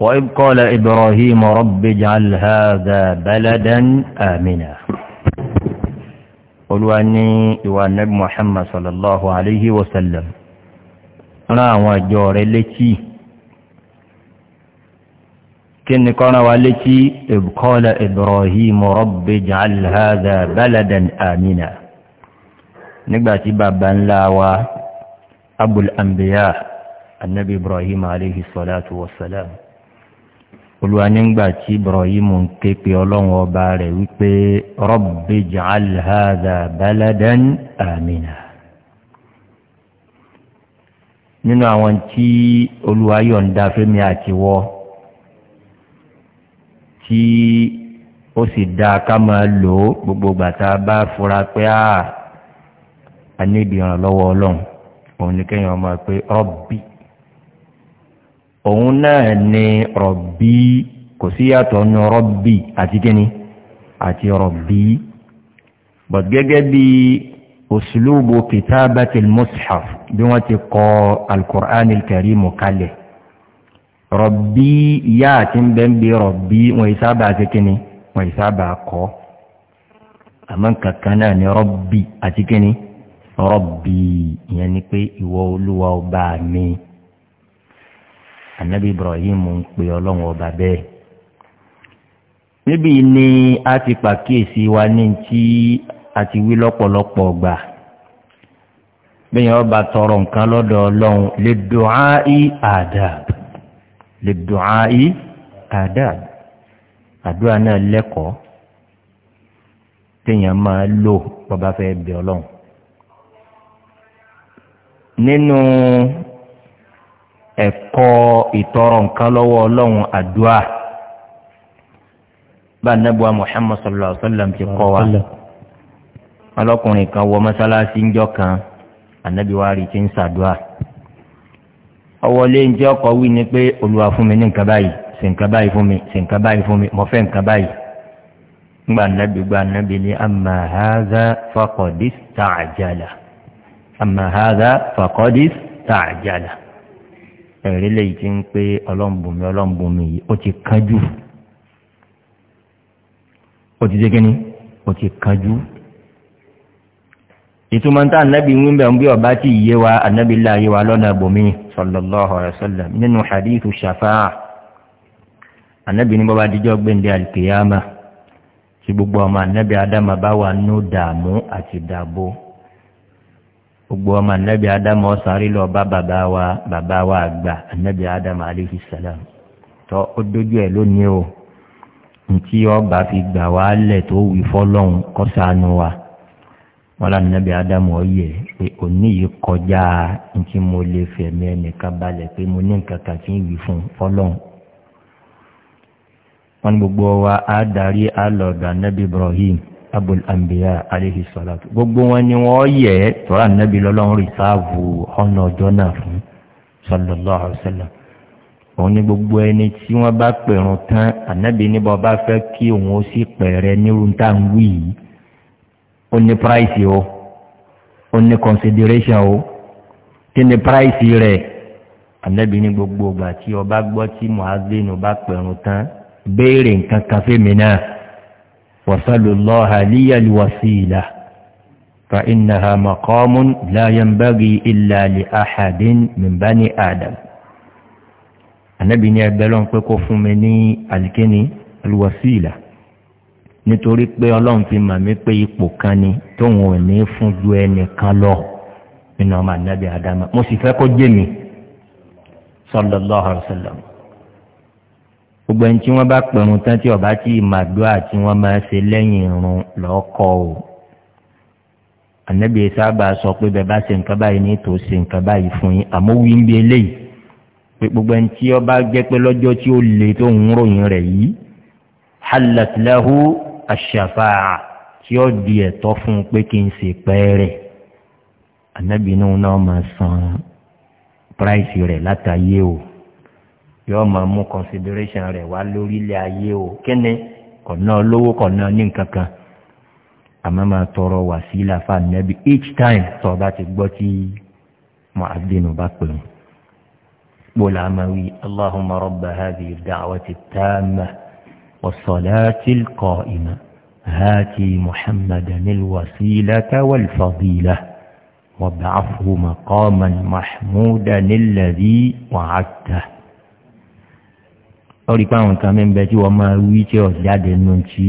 وإذ قال إبراهيم رب اجعل هذا بلدا آمنا قلوا أني وأن نبي محمد صلى الله عليه وسلم أنا وجور التي كن قال والتي إذ قال إبراهيم رب اجعل هذا بلدا آمنا نباتي بابا لا وأبو الأنبياء النبي إبراهيم عليه الصلاة والسلام olùwà nígbà tí ibrahim ń ké pe ọlọ́run ọba rẹ̀ wípé rọ́bì jàlhàdà baladan amina nínú àwọn tí olùwà yọ̀ǹda fẹ́mi àtiwọ́ tí ó sì dá ká máa lò ó gbogbo gbàtà bá fura pé a níbi ìrànlọ́wọ́ ọlọ́run òun ni kéèyàn máa pé rọ́bì òun náà ni rọ̀bí kò sí yàtọ̀ ní rọ̀bí àti kíni àti rọ̀bí but gẹ́gẹ́ bí òṣìlúbò kìtàbàtì mushaf bí wọ́n ti kọ alkùránì kẹrí mú kalẹ̀ rọ̀bí yá àti bẹ́ẹ̀bí rọ̀bí wọ́n ìsábà àti kíni wọ́n ìsábà kọ́ àmọ́ kankan náà ni rọ̀bí àti kíni rọ̀bí ìyẹn ni pé ìwọ olúwa ọba mi anabi ibrahim ń pe ọlọ́run ọba bẹ́ẹ̀ níbi ni a ti pàkíyèsí wa ní tí a ti wí lọ́pọ̀lọpọ̀ gbà bẹ́ẹ̀ ọba tọrọ nǹkan lọ́dọ̀ ọlọ́run lè dùn áì àdàb lè dùn áì àdàb àdúrà náà lẹ́kọ̀ọ́ téèyàn máa lò bọ́ba fẹ́ bẹ̀ ọlọ́run nínú ẹ̀kọ́ ìtọrọ nǹkan lọ́wọ́ ọlọ́run àdúrà bá nẹ́bùá muhammad sallallahu alayhi wa sallam ti kọ́ wa ọlọ́kùnrin kan wọ mọ́sálásí ńjọ́ kan ànábi wa rí ti ń sàdúrà ọwọ́ lé ń jẹ́ ọkọ̀ wí ni pé olùwà fún mi ní nǹkan báyìí sì nǹkan báyìí fún mi sì nǹkan báyìí fún mi mo fẹ́ nǹkan báyìí ngba nabi gba nabi ni ama haza fakọdis taajala ama haza fakọdis taajala ẹ̀rí lẹ́yìn tí ń pé ọlọ́mbùnmi ọlọ́mbùnmi yìí ó ti kánjú ó ti dégéní ó ti kánjú. ìtumọ̀ tá ànábì ń bẹ̀ ń bí ọba tí ìyé wa ànábì ńlá yé wa lọ́nà bòmí sọlọ́lọ́hùn ọ̀rẹ́sọ̀lẹ̀ nínú hadithu ṣàfáà ànábì ní bọ́ba díjọ́ gbẹ̀ǹdẹ̀ àlùkìyàmà tí gbogbo ọmọ ànábì adama bá wà nù dààmú àti dààbò gbogbo ọmọ anabi adamu ọsàrí lọ bá bàbá wa bàbá wa àgbà anabi adamu aleyhi salam tọ ó dójú ẹ lónìí o ntí ọba fi gbà wá lẹ tó wí fọlọ́hún kọ́sánú wa wọn lọ anabi adamu ọyẹ pé òní yìí kọjá ntí mo lè fẹ̀mí ẹnìkan balẹ̀ pé mo ní nǹkan kan tí ń wí fún fọlọ́hún wọn gbogbo wa á darí á lọ̀dọ̀ ibrahim abul anbiya aleyhi salatu gbogbo wọn ni wọn yẹ ẹ tọ́ra nàbí lọ́lọ́run rìsáàbù ọ̀nà ọjọ́ náà fún sallallahu alayhi wa sallam òun ni gbogbo ẹni tí wọn bá pẹ̀rùn tán ànábì níbo bá fẹ́ kí òun ó sì pẹ̀rẹ̀ nírú tá ń wí yìí ó ní price o ó ní consideration o kí ni price rẹ̀ ànábì ní gbogbo ìgbà tí ọba gbọ́ tí muhazzinu bá pẹ̀rùn tán béèrè nǹkan kan fẹ́mi náà. وصلوا الله لي الوسيلة فإنها مقام لا ينبغي إلا لأحد من بني آدم النبي نيبالون قيكو فمني الكني الوسيلة nítorí pé ọlọ́run fi mà mí pé ipò kan ni tóun ò ní fún ju ẹnìkan lọ nínú ọmọ ànábì àdámà mo sì fẹ́ kó jẹ́ mi sọlọ́lá ọ̀rọ̀ sọlọ́mù gbogbo ẹni tí wọ́n bá pẹ̀rùn tán tí ọba tí màdúrà tí wọ́n máa ṣe lẹ́yìn irun lọ́kọ̀ o ànábìyẹ sábà sọ pé bẹ́ẹ̀ bá ṣe nǹkan báyìí ní tòun ṣe nǹkan báyìí fún yín àmọ́ wí ń bí eléyìí pé gbogbo ẹni tí ọba jẹ́ pé lọ́jọ́ tí ó le tó ń ròyìn rẹ̀ yìí halatilahu aṣàfà tí ó di ẹ̀tọ́ fún un pé kí n ṣe pẹ́ẹ́rẹ́ ànábìyẹ náà máa san price rẹ̀ látàyé o yóò máa mú consideration rẹ̀ wá lórílẹ̀ ayé o kíni kọ̀nà lówó kọ̀nà ní nǹkan kan àmọ́ máa tọrọ wàsílà fàánẹ́bí each time tọ́ bá ti gbọ́ tí mo àdínú bá pè mí. بولا ماوي اللهم رب هذه الدعوة التامة والصلاة القائمة هاتي محمدا الوسيلة والفضيلة وابعثه مقاما محمودا الذي وعدته ọ̀rí pé àwọn nǹkan mẹ́mbẹ́ tí wọ́n máa wí tí ọ̀ jáde nù tí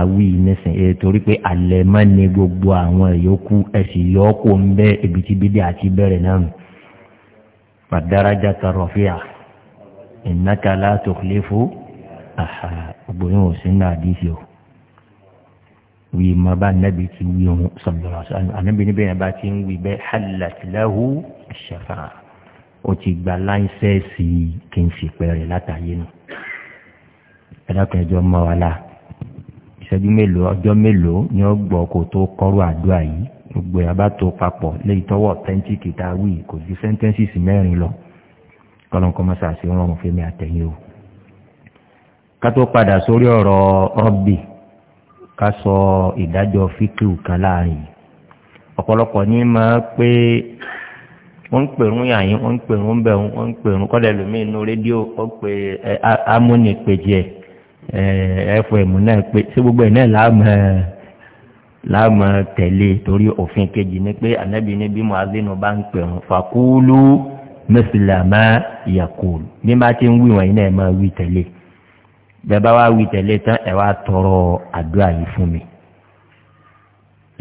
awí nísìn èyí torí pé alẹ́ máa ní gbogbo àwọn ìyókù ẹ̀sìn yọ́kù ń bẹ́ ibi tí bídí àti bẹ̀rẹ̀ náà nù. fàdárájà tọrọ fíà ìnákàlá tó lé fún gbogbo yóò sí ní àdísì o wí ma bá nábì ti wí ohun sọ̀rọ̀ sọ̀rọ̀ ànábì níbẹ̀ yẹn bá ti ń wí bẹ́ẹ̀ hàlàtìláhù ṣẹ̀fà ó ti gba láìsẹ́ẹ̀sì kí n sì pẹ̀rẹ̀ látàyè nù. ẹ dákun ẹjọ́ mọ́ wa la ìṣẹ́jú mélòó ọjọ́ mélòó ni ó gbọ́ kó tó kọ́rù àdúrà yìí gbogbo ẹ̀ bá tó papọ̀ léyìí tọ́wọ́ ọ̀tẹ́ńtíkì tá a wí kò ju sẹ́ńtẹ́ńsìsì mẹ́rin lọ kọ́lọ́nkọ́ mọ́sàásì rọrùn fún mi àtẹ̀yìn o. ká tó padà sórí ọ̀rọ̀ rọ́bì ká sọ ìdájọ́ fíkìú kan láàrin ọ̀pọ̀lọpọ̀ ní máa pé wọ́n ń pèrún yàyín wọ́n ń pèrún bẹ̀rún wọ́n ń pèrún kọ́lẹ̀ lómi inú rédíò ó pe amúnipèjì ẹ̀ fm náà pé ṣé gbogbo ẹ̀ náà láàmú láàmú tẹ̀lé torí òfin kejì ni pé ànábì ní bí muazinu bá ń pèrún fàkúlù mẹsìlámà yàkúlù bí bá ti ń wí wọ̀nyí náà máa wí tẹ̀lé bẹ́ẹ̀ bá wá wí tẹ̀lé tán ẹ̀ wá tọrọ àdúrà yìí fún mi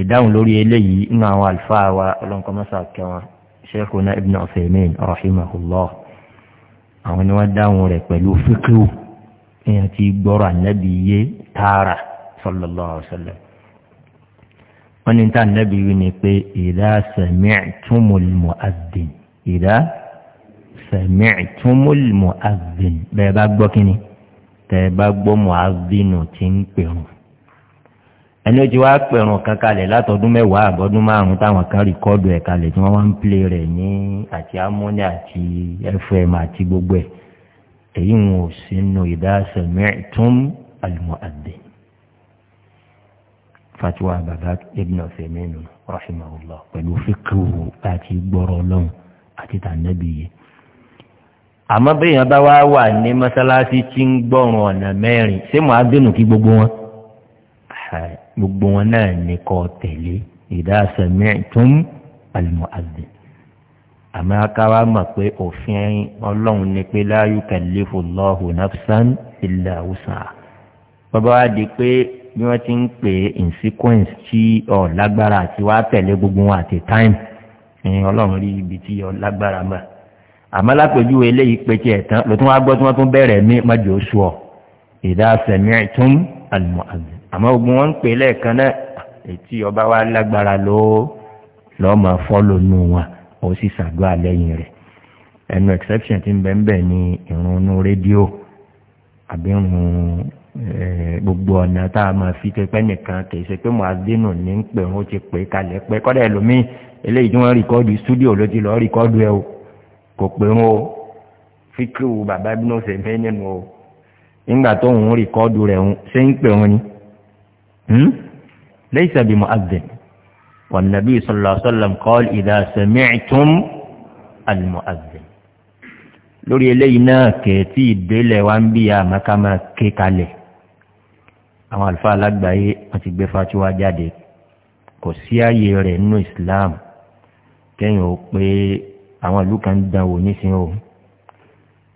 ìdáhùn lórí eléyìí nínú àwọn àlùfáà wa ọlọ́nkọ́mọ́sà kẹwọn ṣẹ́kùnà ibn ọ̀fẹ̀mẹ́n rahimahullah àwọn ni wọ́n dáhùn rẹ̀ pẹ̀lú fíkíw èèyàn ti gbọ́rọ̀ ànábì yé tààrà sallallahu alaihi wasallam wọ́n ní tá ànábì yìí ni pé idha sami'tumul mu'adhdhin idha sami'tumul mu'adhdhin bẹ́ẹ̀ bá gbọ́ kínni tẹ́ẹ̀ bá gbọ́ mu'adhdhin tí ń pèrún ẹni ó ti wá pẹ̀rùn kan kalẹ̀ látọdún mẹ́wàá àbọ̀dún márùn-ún táwọn kan rìkọ́dù ẹ̀ kalẹ̀ tí wọ́n wá ń plé rẹ̀ ní àti amóni àti fm àti gbogbo ẹ̀ èyí ń wò sínú ìdásẹ̀mẹ́ tún àlùmọ́ àdé fatiwa baba ibn ọ̀fẹ̀mẹ́nu rahimahullah pẹ̀lú fíkìwò àti gbọ́rọ̀ ọlọ́run àti tànẹ́bí yìí àmọ́ bẹ́ẹ̀ yẹn bá wá wà ní mọ́sálásí tí ń gbọ́rùn ọ̀nà mẹ́rin ṣé mo á dénú kí gbogbo wọn gbogbo wọn náà ní kọ́ tẹ̀lé ìdá sami'tum al-mu'adhdhin àmọ́ akáwá mọ̀ pé òfin ọlọ́run ni pé la yukallifu Allahu nafsan illa wus'aha bàbá wa di pé bí wọ́n ti ń pè é in tí ọ̀ lágbára àti wá tẹ̀lé gbogbo wọn àti time ìyẹn ọlọ́run rí ibi tí ọ̀ lágbára mọ̀ àmọ́ lápèjúwe eléyìí pé tiẹ̀ tán lótú wọn gbọ́ tí wọ́n tún bẹ̀rẹ̀ mí mọ́jọ́ oṣù ọ̀ àmọ́ ogun wọn ń pè lẹ́ẹ̀kan náà ètí ọba wa lágbára ló lọ́ọ́ máa fọ́lò nù wọn ó sì ṣàdúrà lẹ́yìn rẹ̀ ẹnu exception ti ń bẹ́ẹ̀ bẹ́ẹ̀ ni ìrùnnú rédíò àbí ìrùn gbogbo ọ̀nà tá a máa fi pẹ́pẹ́ nìkan kìí ṣe pé muhazzinu ní ń pè ó ti pè kalẹ̀ pé kọ́dà ẹlòmíì eléyìí tí wọ́n rìkọ́dù stúdíò ló ti lọ́ọ́ rìkọ́dù ẹ o kò pè ó fíkìrù bàbá ibùdó ṣe fẹ́ nínú o nígbà tó ń rìkọ́dù rẹ̀ ṣé ń pè ó ni ليس بمؤذن والنبي صلى الله عليه وسلم قال إذا سمعتم المؤذن lórí eléyìí náà kẹ̀ẹ́tì ìdélẹ̀ wa ń bí àmàkàmà ké kalẹ̀ àwọn àlùfáà alágbàáyé wọn ti gbé fatiwa jáde kò sí ààyè rẹ̀ nínú islam kẹ́yìn ó pé àwọn ìlú kan dán wò nísìnyí o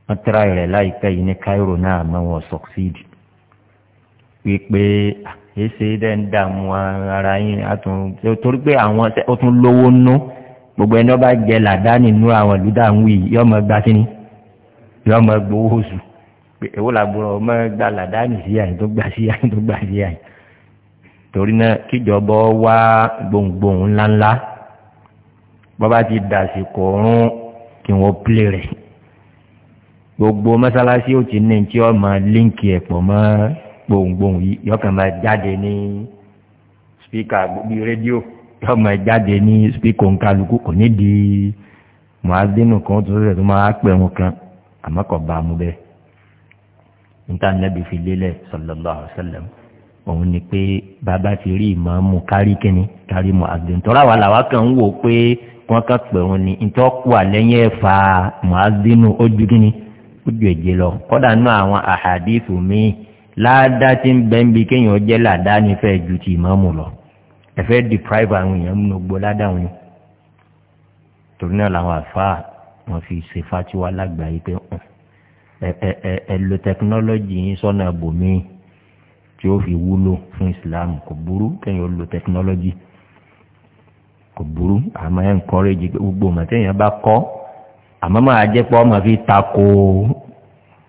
wọ́n tẹ́ra rẹ̀ láìpẹ́ yìí ní cairo náà àmọ́ wọn succeed wípé èsè dẹ̀ ń dààmú ara yín àtún torí pé àwọn ó tún lówó nú gbogbo ẹni ọba jẹ làdáni nú àwọn ìlú dààmú yìí yọ ọmọ gba kíní yọ ọmọ gbowó oṣù pé èwo làbúrò ọmọ gba làdáni sí àyìn tó gbà sí àyìn tó gbà sí àyìn torí náà kíjọba wá gbohùngbohùn ńláńlá bọ́ba ti dàsìkò ọ̀run kí wọ́n plé rẹ̀ gbogbo mọ́sálásí ó ti ní tí ọmọ líǹkì ẹ̀pọ̀ mọ́ gbohùngbohùn yìí yọkàn máa jáde ní spíkà bíi rédíò yọ máa jáde ní spíkà òǹkàlùkù kò ní di mùhàdínù kan tó rẹ̀ tó máa pẹ̀ wọn kan àmọ́ kò bá a mú bẹ́ẹ̀ níta nàbì fi lélẹ̀ sallallahu alaihi wasallam òun ni pé bàbá ti rí ìmọ̀ọ́mù kárí kínní kárí mùhàdínù tọ́lá wa làwa kàn ń wò pé wọn kàn pè wọn ni ntọ́ kú àlẹ́yìn ẹ̀fà mùhàdínù ojú kínní ojú èjì lọ kọ́dà náà àwọn àhàdíìsù míì láàdá tí ń bẹ́ ń bi kéèyàn jẹ́ làdá ní fẹ́ ju ti ìmọ̀ọ́mù lọ ẹ̀fẹ́ deprive àwọn èèyàn múnú gbọ́ ládàwọn yìí torí náà làwọn àfáà wọn fi ṣe fatiwa lágbàáyé pé ẹ ẹ ẹ ẹ lo tẹkinọ́lọ́jì yín sọ́nà bòmíì tí ó fi wúlò fún islam kò burú kéèyàn lo tẹkinọ́lọ́jì kò burú àmọ́ ẹ̀ ń kọ́rẹ́jì gbogbo bá kọ́ àmọ́ máa jẹ́ pé ọmọ fi tako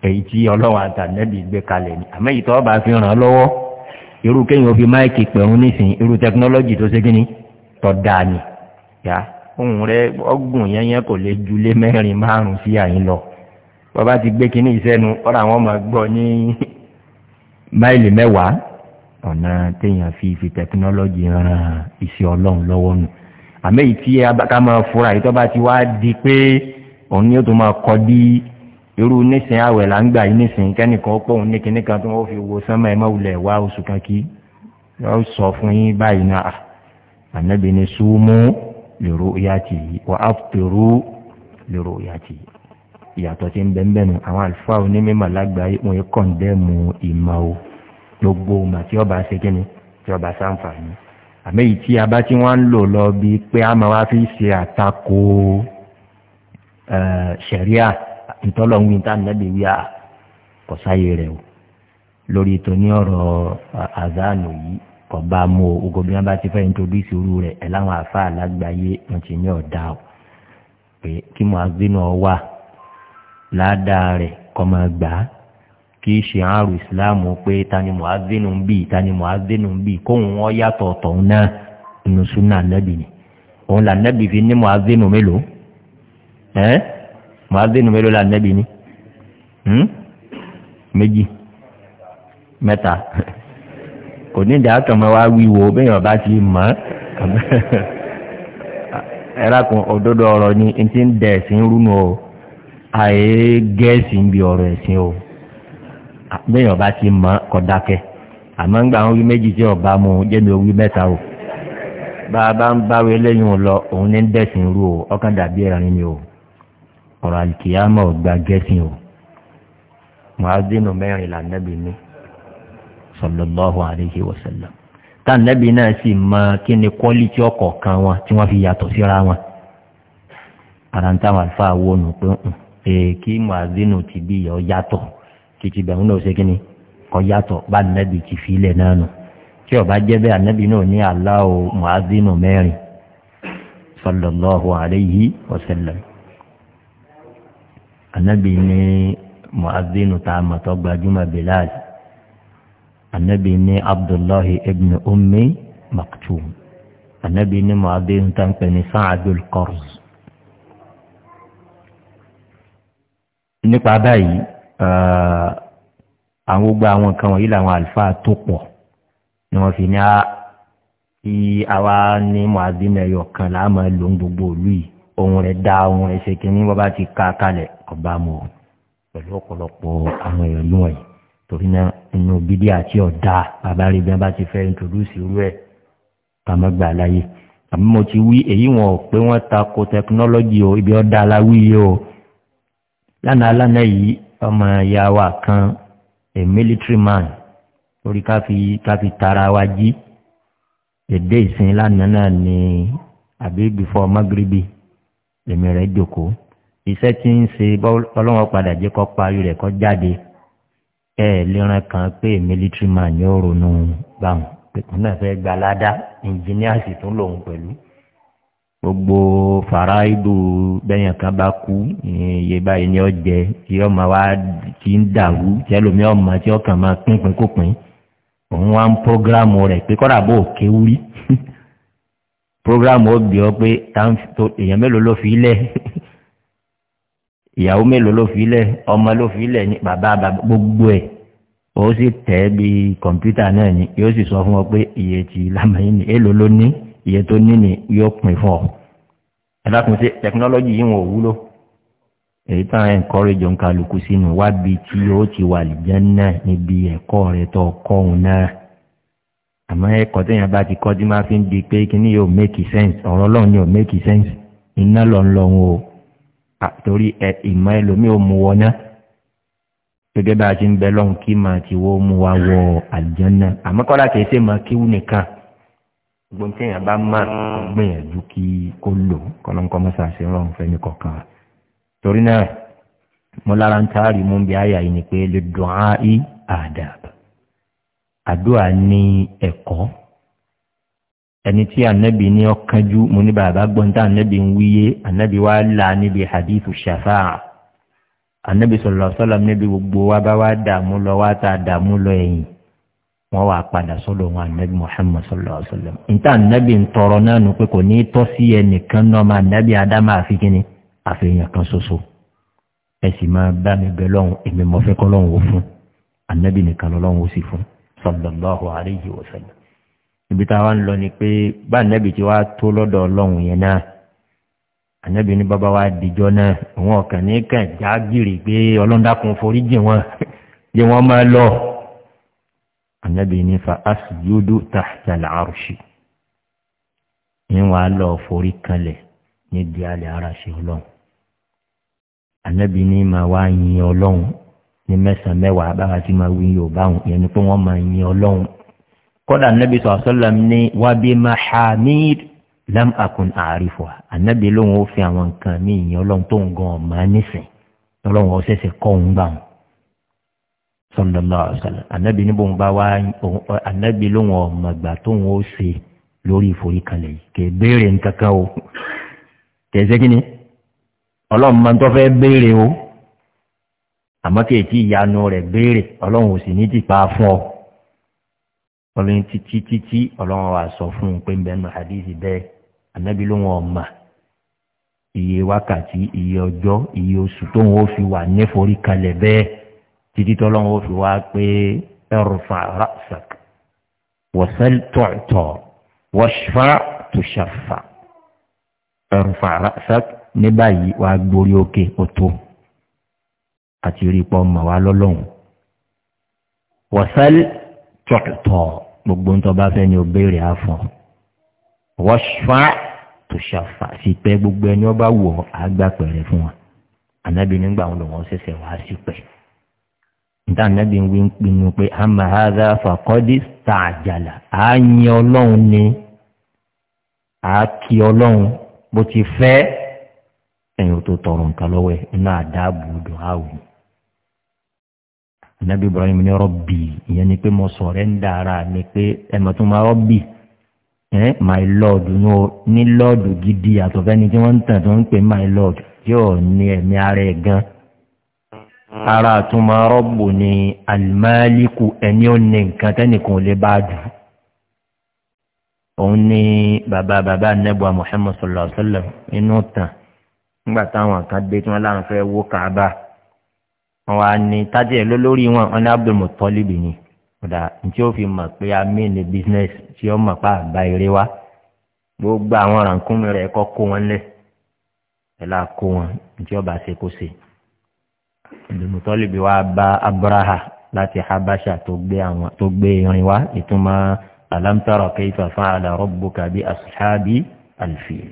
èyí tí ọlọ́wọ́ àtànẹ́bì gbé kalẹ̀ ni àmọ́ ìtọ́ bá fi ràn án lọ́wọ́ irú kéyìn òfin máìkì pẹ̀rún nísìn irú tẹkinọ́lọ́jì tó ṣe kíní tọ́ dáa ni yá ohun rẹ ọgùn yẹn yẹn kò lè ju lé mẹ́rin márùn sí àyín lọ bàbá ti gbé kíní ìsẹ́nu ọ̀rọ̀ àwọn ọmọ gbọ́ ní máìlì mẹ́wàá ọ̀nà téèyàn fi fi tẹkinọ́lọ́jì ran iṣẹ́ ọlọ́run lọ́wọ́ nù àmọ́ ìtí ká máa fura ìtọ́ bá ti wá di pé òun ni ó tún máa kọ bí irú nísìnyí àwẹ̀ là ń gbà yín nísìnyí kẹ́nìkan ó pọ̀hún ní kíní kan tí wọ́n fi wo sánmà ẹ̀mọ́ wulẹ̀ wá oṣù kan kí yóò sọ fún yín báyìí náà ah, ànábì ní súnmú lèrò ìyàtì wà á pèrú lèrò ìyàtì ìyàtọ̀ tí ń bẹ́ẹ̀nbẹ́ẹ̀nu àwọn àlùfáà onímọ̀ lágbàáyé wọn yẹ kọ́ńdẹ́ẹ̀mù ìmọ̀ o gbogbo mà tí ọba ṣe kíni tí ọba ṣàǹfààní àmì èyí tí abá tí wọ́n ń lò lọ bíi pé àmọ́ wá fi ṣe àtakò ṣẹ̀ríà ntọ́lọ̀ ń wí tá nàbí wí à kò sáyé rẹ̀ o lórí ètò ní ọ̀rọ̀ àzánù yìí kò bá mú o ogo bí wọn bá ti fẹ́ introduce irú rẹ̀ ẹ̀ láwọn afá alágbàáyé wọn ti ní ọ̀dà o pé kí mo azínú ọ wà ládàá rẹ̀ kọ́ máa gbà á kì í ṣe àrùn ìsìláàmù pé ta ni mo azínú bì ta ni mo azínú bì kóun wọn yàtọ̀ ọ̀tọ̀ náà nínú súnà nàbì ni òun là nàbì fi ní mo azínú mélòó mùhàdínù mélòó la nẹ́bi ni hmm? méjì mẹ́ta kò ní ìdá kan máa wíwo bẹ́ẹ̀ ọba ti mọ̀ ẹ̀rákùn òdodo ọ̀rọ̀ ni n ti ń dẹ̀ ẹ̀sìn rúnu o àyè gẹ̀ẹ́sì ń bi ọ̀rọ̀ ẹ̀sìn o bẹ́ẹ̀ ọba ti mọ̀ kọ̀dákẹ́ àmọ́ ń gbà àwọn wí méjì tí ọba mu jẹ́mi owí mẹ́ta o bá a bá ń báwe lẹ́yìn o lọ òun ní ń dẹ̀sìn rú o ọkàn dàbí ẹ̀rín ni o ọ̀rọ̀ àlìkìyàmọ̀ ọ̀gbà gẹ́sìn o mọ̀ádínù mẹ́rin lànàbì ní sọlọ́lọ́hùn àríyé wọ̀sẹ̀lẹ̀ tànàbì náà sì mọ kí ni kọ́lítì ọkọ̀ kan wọn tí wọ́n fi yàtọ̀ síra wọn ara ń táwọn àlùfáà wọnù pé ee kí mọ̀ádínù ti bí ìyọ̀ yàtọ̀ kí ti bẹ̀rù náà ṣe kí ni kọ́ yàtọ̀ bá nàbì ti fi ilẹ̀ náà nù tí ọba jẹ́ bẹ́ẹ̀ ànàbì náà ní aláwo mọ̀ádínù mẹ́rin sọlọ́lọ́hùn àríyé wọ̀sẹ̀lẹ̀ anabi ní mu'adhinu tá a mọ̀ tó gbajúmọ̀ bilal anabi ní abdullahi ibn ummi maktum anabi ní mu'adhinu tá a ń pè ní sa'adul qars. nípa báyìí ah, àwọn gbogbo àwọn nǹkan wọ̀nyí làwọn àlùfáà tó pọ̀ ni wọ́n fi ní kí àwa ní mu'adhinu ẹ̀yọ̀ kan láàmú ẹ̀ lóun gbogbo òlu yìí ohun rẹ̀ dá ohun rẹ̀ ṣe kínní wọ́n bá ti ka kalẹ̀ ọ̀bàmù pẹ̀lú ọ̀pọ̀lọpọ̀ àwọn èèyàn nù ẹ̀ torí náà inú bídí àti ọ̀dà bàbá rí bí wọ́n bá ti fẹ́ introduce irú ẹ̀ kàmọ́ gbà láyé àmì mo ti wí èyí wọn ò pé wọ́n ta ko tẹkinọ́lọ́jì o ibi ọ̀dà aláwí o lánàá lánàá yìí ọmọ ìyá wa kan a military man torí ká fi ká fi tara wa jí èdè ìsìn lánàá náà ni àbí before magribi èmi rẹ̀ jòkó iṣẹ́ tí ń ṣe ọlọ́wọ́ padà jẹ́ kọ́ parí rẹ̀ kọ́ jáde ẹ léran kan pé military man yóò ronú báwọn pẹ̀lú náà fẹ́ gba ládá engineer sì tún lòun pẹ̀lú gbogbo faraidu bẹ́yàn kan bá kú iye báyìí ni ó jẹ tí ọmọ wa ti ń dàrú tí ẹlòmí ọmọ tí ọkàn máa pínpín kópin òun wá ń prógrámù rẹ̀ pé kọ́dà bó kéwúrí prógrámù ó bí ọ pé èèyàn mélòó ló fi lẹ̀ ìyàwó mélòó ló fi lẹ̀ ọmọ ló fi lẹ̀ ní bàbá bàbá gbogbo ẹ̀ ó sì tẹ̀ ẹ́ bí kọ̀ǹpútà náà ni yóò sì sọ fún ọ pé iye tí lámàyín ni èèlò ló ní iye tó ní ni yóò pin fún ọ ẹ dákun sí tẹkinọ́lọ́jì yìí wọn ò wúlò èyí tá à ń kọ́rẹ́jọ ń kálukú sínú wábi tí ó ti wà lìjẹ́ náà níbi ẹ̀kọ́ rẹ̀ tó kọ́ òun náà àmọ́ ẹ̀kọ́ tẹ̀yìn bá ti kọ́ tí máa fi ń di pé kíní yóò make sense ọ̀rọ̀ ọlọ́run yóò make sense iná lọ́nlọ́run o àtòrí ìmọ̀ ẹlòmíì ò mú wọ náà gẹ́gẹ́ bá a ti ń bẹ lọ́hùn kí màá ti wọ́ mú wa wọ àlùjọ́nà àmọ́ kọ́lá kìí ṣe máa kíwú nìkan gbogbo tí èèyàn bá máa gbìyànjú kí kó lò kọ́lọ́ńkọ́ mọ́sá ṣe rọrùn fẹ́mi kọ̀ọ̀kan torí náà mo lára ń taari mú bí àyà yìí ni pé lè dùn á í àdàb àdúrà ní ẹ̀kọ́ ẹni tí ànábì ní ọkànjú mo ní bàbá gbọ́ntà ànábì ń wíyé ànábì wá là níbi hadithu shafa ànábì sọ̀rọ̀ sọ́lọ̀ níbi gbogbo wa bá wá dààmú lọ wá ta dààmú lọ ẹ̀yìn wọ́n wá padà sọ́dọ̀ wọn ànábì muhammad sọ̀rọ̀ sọ́lọ̀ níta ànábì ń tọrọ náà nù pé kò ní tọ́ sí ẹnìkan náà máa ànábì adama àfikínni àfihàn kan ṣoṣo ẹ sì máa bá mi bẹ lọ́hùn èmi mọ̀ ibi táwa ń lọ ni pé bá nẹ́bì tí wàá tó lọ́dọ̀ ọlọ́run yẹn náà ànẹ́bì ní bàbá wa dìjọ́ náà òun ọ̀kàn ní kàn já gírì pé ọlọ́dàkùn forí jì wọ́n jẹ́ wọ́n máa lọ ànẹ́bì ní fa asùjúdú tàṣà làárùṣì ní wàá lọ forí kanlẹ̀ ní di ara ṣe ọlọ́run ànẹ́bì ní màá wá yin ọlọ́run ní mẹ́sàn-án mẹ́wàá báwa ti máa wí yorùbá yẹn ni pé wọ́n máa yin ọlọ́run kódà nẹ́bí sọ̀sọ́lọ́m ní wábí mahamid lam akun àrífọ́ ànẹ́bí lóun ó fi àwọn nǹkan mí ìyẹn ọlọ́run tó ń gan ọ̀mà nísìn ọlọ́run ó ṣẹ̀ṣẹ̀ kọ́ òun gbà wọn sọlọ́lọ́ ọ̀sọ̀lọ́ ànẹ́bí níbo ń bá wá ànẹ́bí lóun ọ̀mà gbà tóun ó ṣe lórí ìforíkalẹ̀ yìí kè béèrè nǹkan kan o kè ṣe kí ni ọlọ́run máa ń tọ́ fẹ́ béèrè o àmọ́ kì í tí ìyanu rẹ̀ béèrè ọlọ́run ò sì ní tìpa fún ọ ọlọ́yin títí títí ọlọ́run wa sọ fún un pé ń bẹ́ẹ̀ nù bẹ́ẹ̀ ànábi ló wọn ọ̀ma iye wákàtí iye ọjọ́ iye oṣù tó ń fi wà níforí kalẹ̀ bẹ́ẹ̀ títí tọ́lọ́run ó fi wá pé ẹrùfà rasak wọ́sẹ̀l tọ̀tọ̀ wọ́ṣfà tùṣàfà ẹrùfà rasak ní báyìí wàá gborí òkè ọ̀tọ̀ àti rí pọ́ mọ̀ wá lọ́lọ́run wọ́sẹ̀l tọ̀tọ̀ gbogbo ń tọ́ba fẹ́ ni ó béèrè á fún ọ wọ́ṣfà tó ṣàfà sí pé gbogbo ẹni ọba wọ̀ á gbà pẹ̀rẹ̀ fún wa ànábì nígbà wọn lòun ṣẹ̀ṣẹ̀ wá sí pẹ̀ níta ànábì ń wí ń pinnu pé àmà hàdà fàkọ́dí tààjàlà á yin ọlọ́run ni á kí ọlọ́run bó ti fẹ́ ẹ̀yin ò tó tọrọ nǹkan lọ́wọ́ ẹ̀ nínú àdáàbò dùn áwùn anabi ibrahim ní rọ́bì ìyẹn ni pé mo sọ̀rẹ́ńdà ara mi pé ẹ mọ̀ tó máa rọ́bì ẹ my lord ní lord gidi àtọ̀fẹ́ni tí wọ́n ń tàn tó ń pè my lord yóò ní ẹ̀mí ara ẹ̀ gan. ara àtúmọ̀ rọ́bù ni alimálíkù ẹni ò ní nǹkan tẹ́nìkan ò lè bá a dùn. òun ni bàbá bàbá anábùa muhammed sallallahu alayhi wa sallam inú tàn nígbà táwọn kan dé tí wọ́n láwọn fẹ́ wó kàá bá wọn wá ní tájì ẹ̀ lólórí wọn wọn ní Abdul Muttalib ni kódà tí ó fi mọ̀ pé a mí ní business tí ó mọ̀ pa àgbà eré wa gbogbo àwọn rànkúnmi rẹ̀ kọ́ kó wọn lẹ̀ ẹ̀ là kó wọn tí ó bá ṣe kó ṣe Abdul Muttalib wa bá Abraha láti Habasha tó gbé irin wa ìtumọ̀ alamtara kaifa fa'ala rabbuka bi ashabi alfil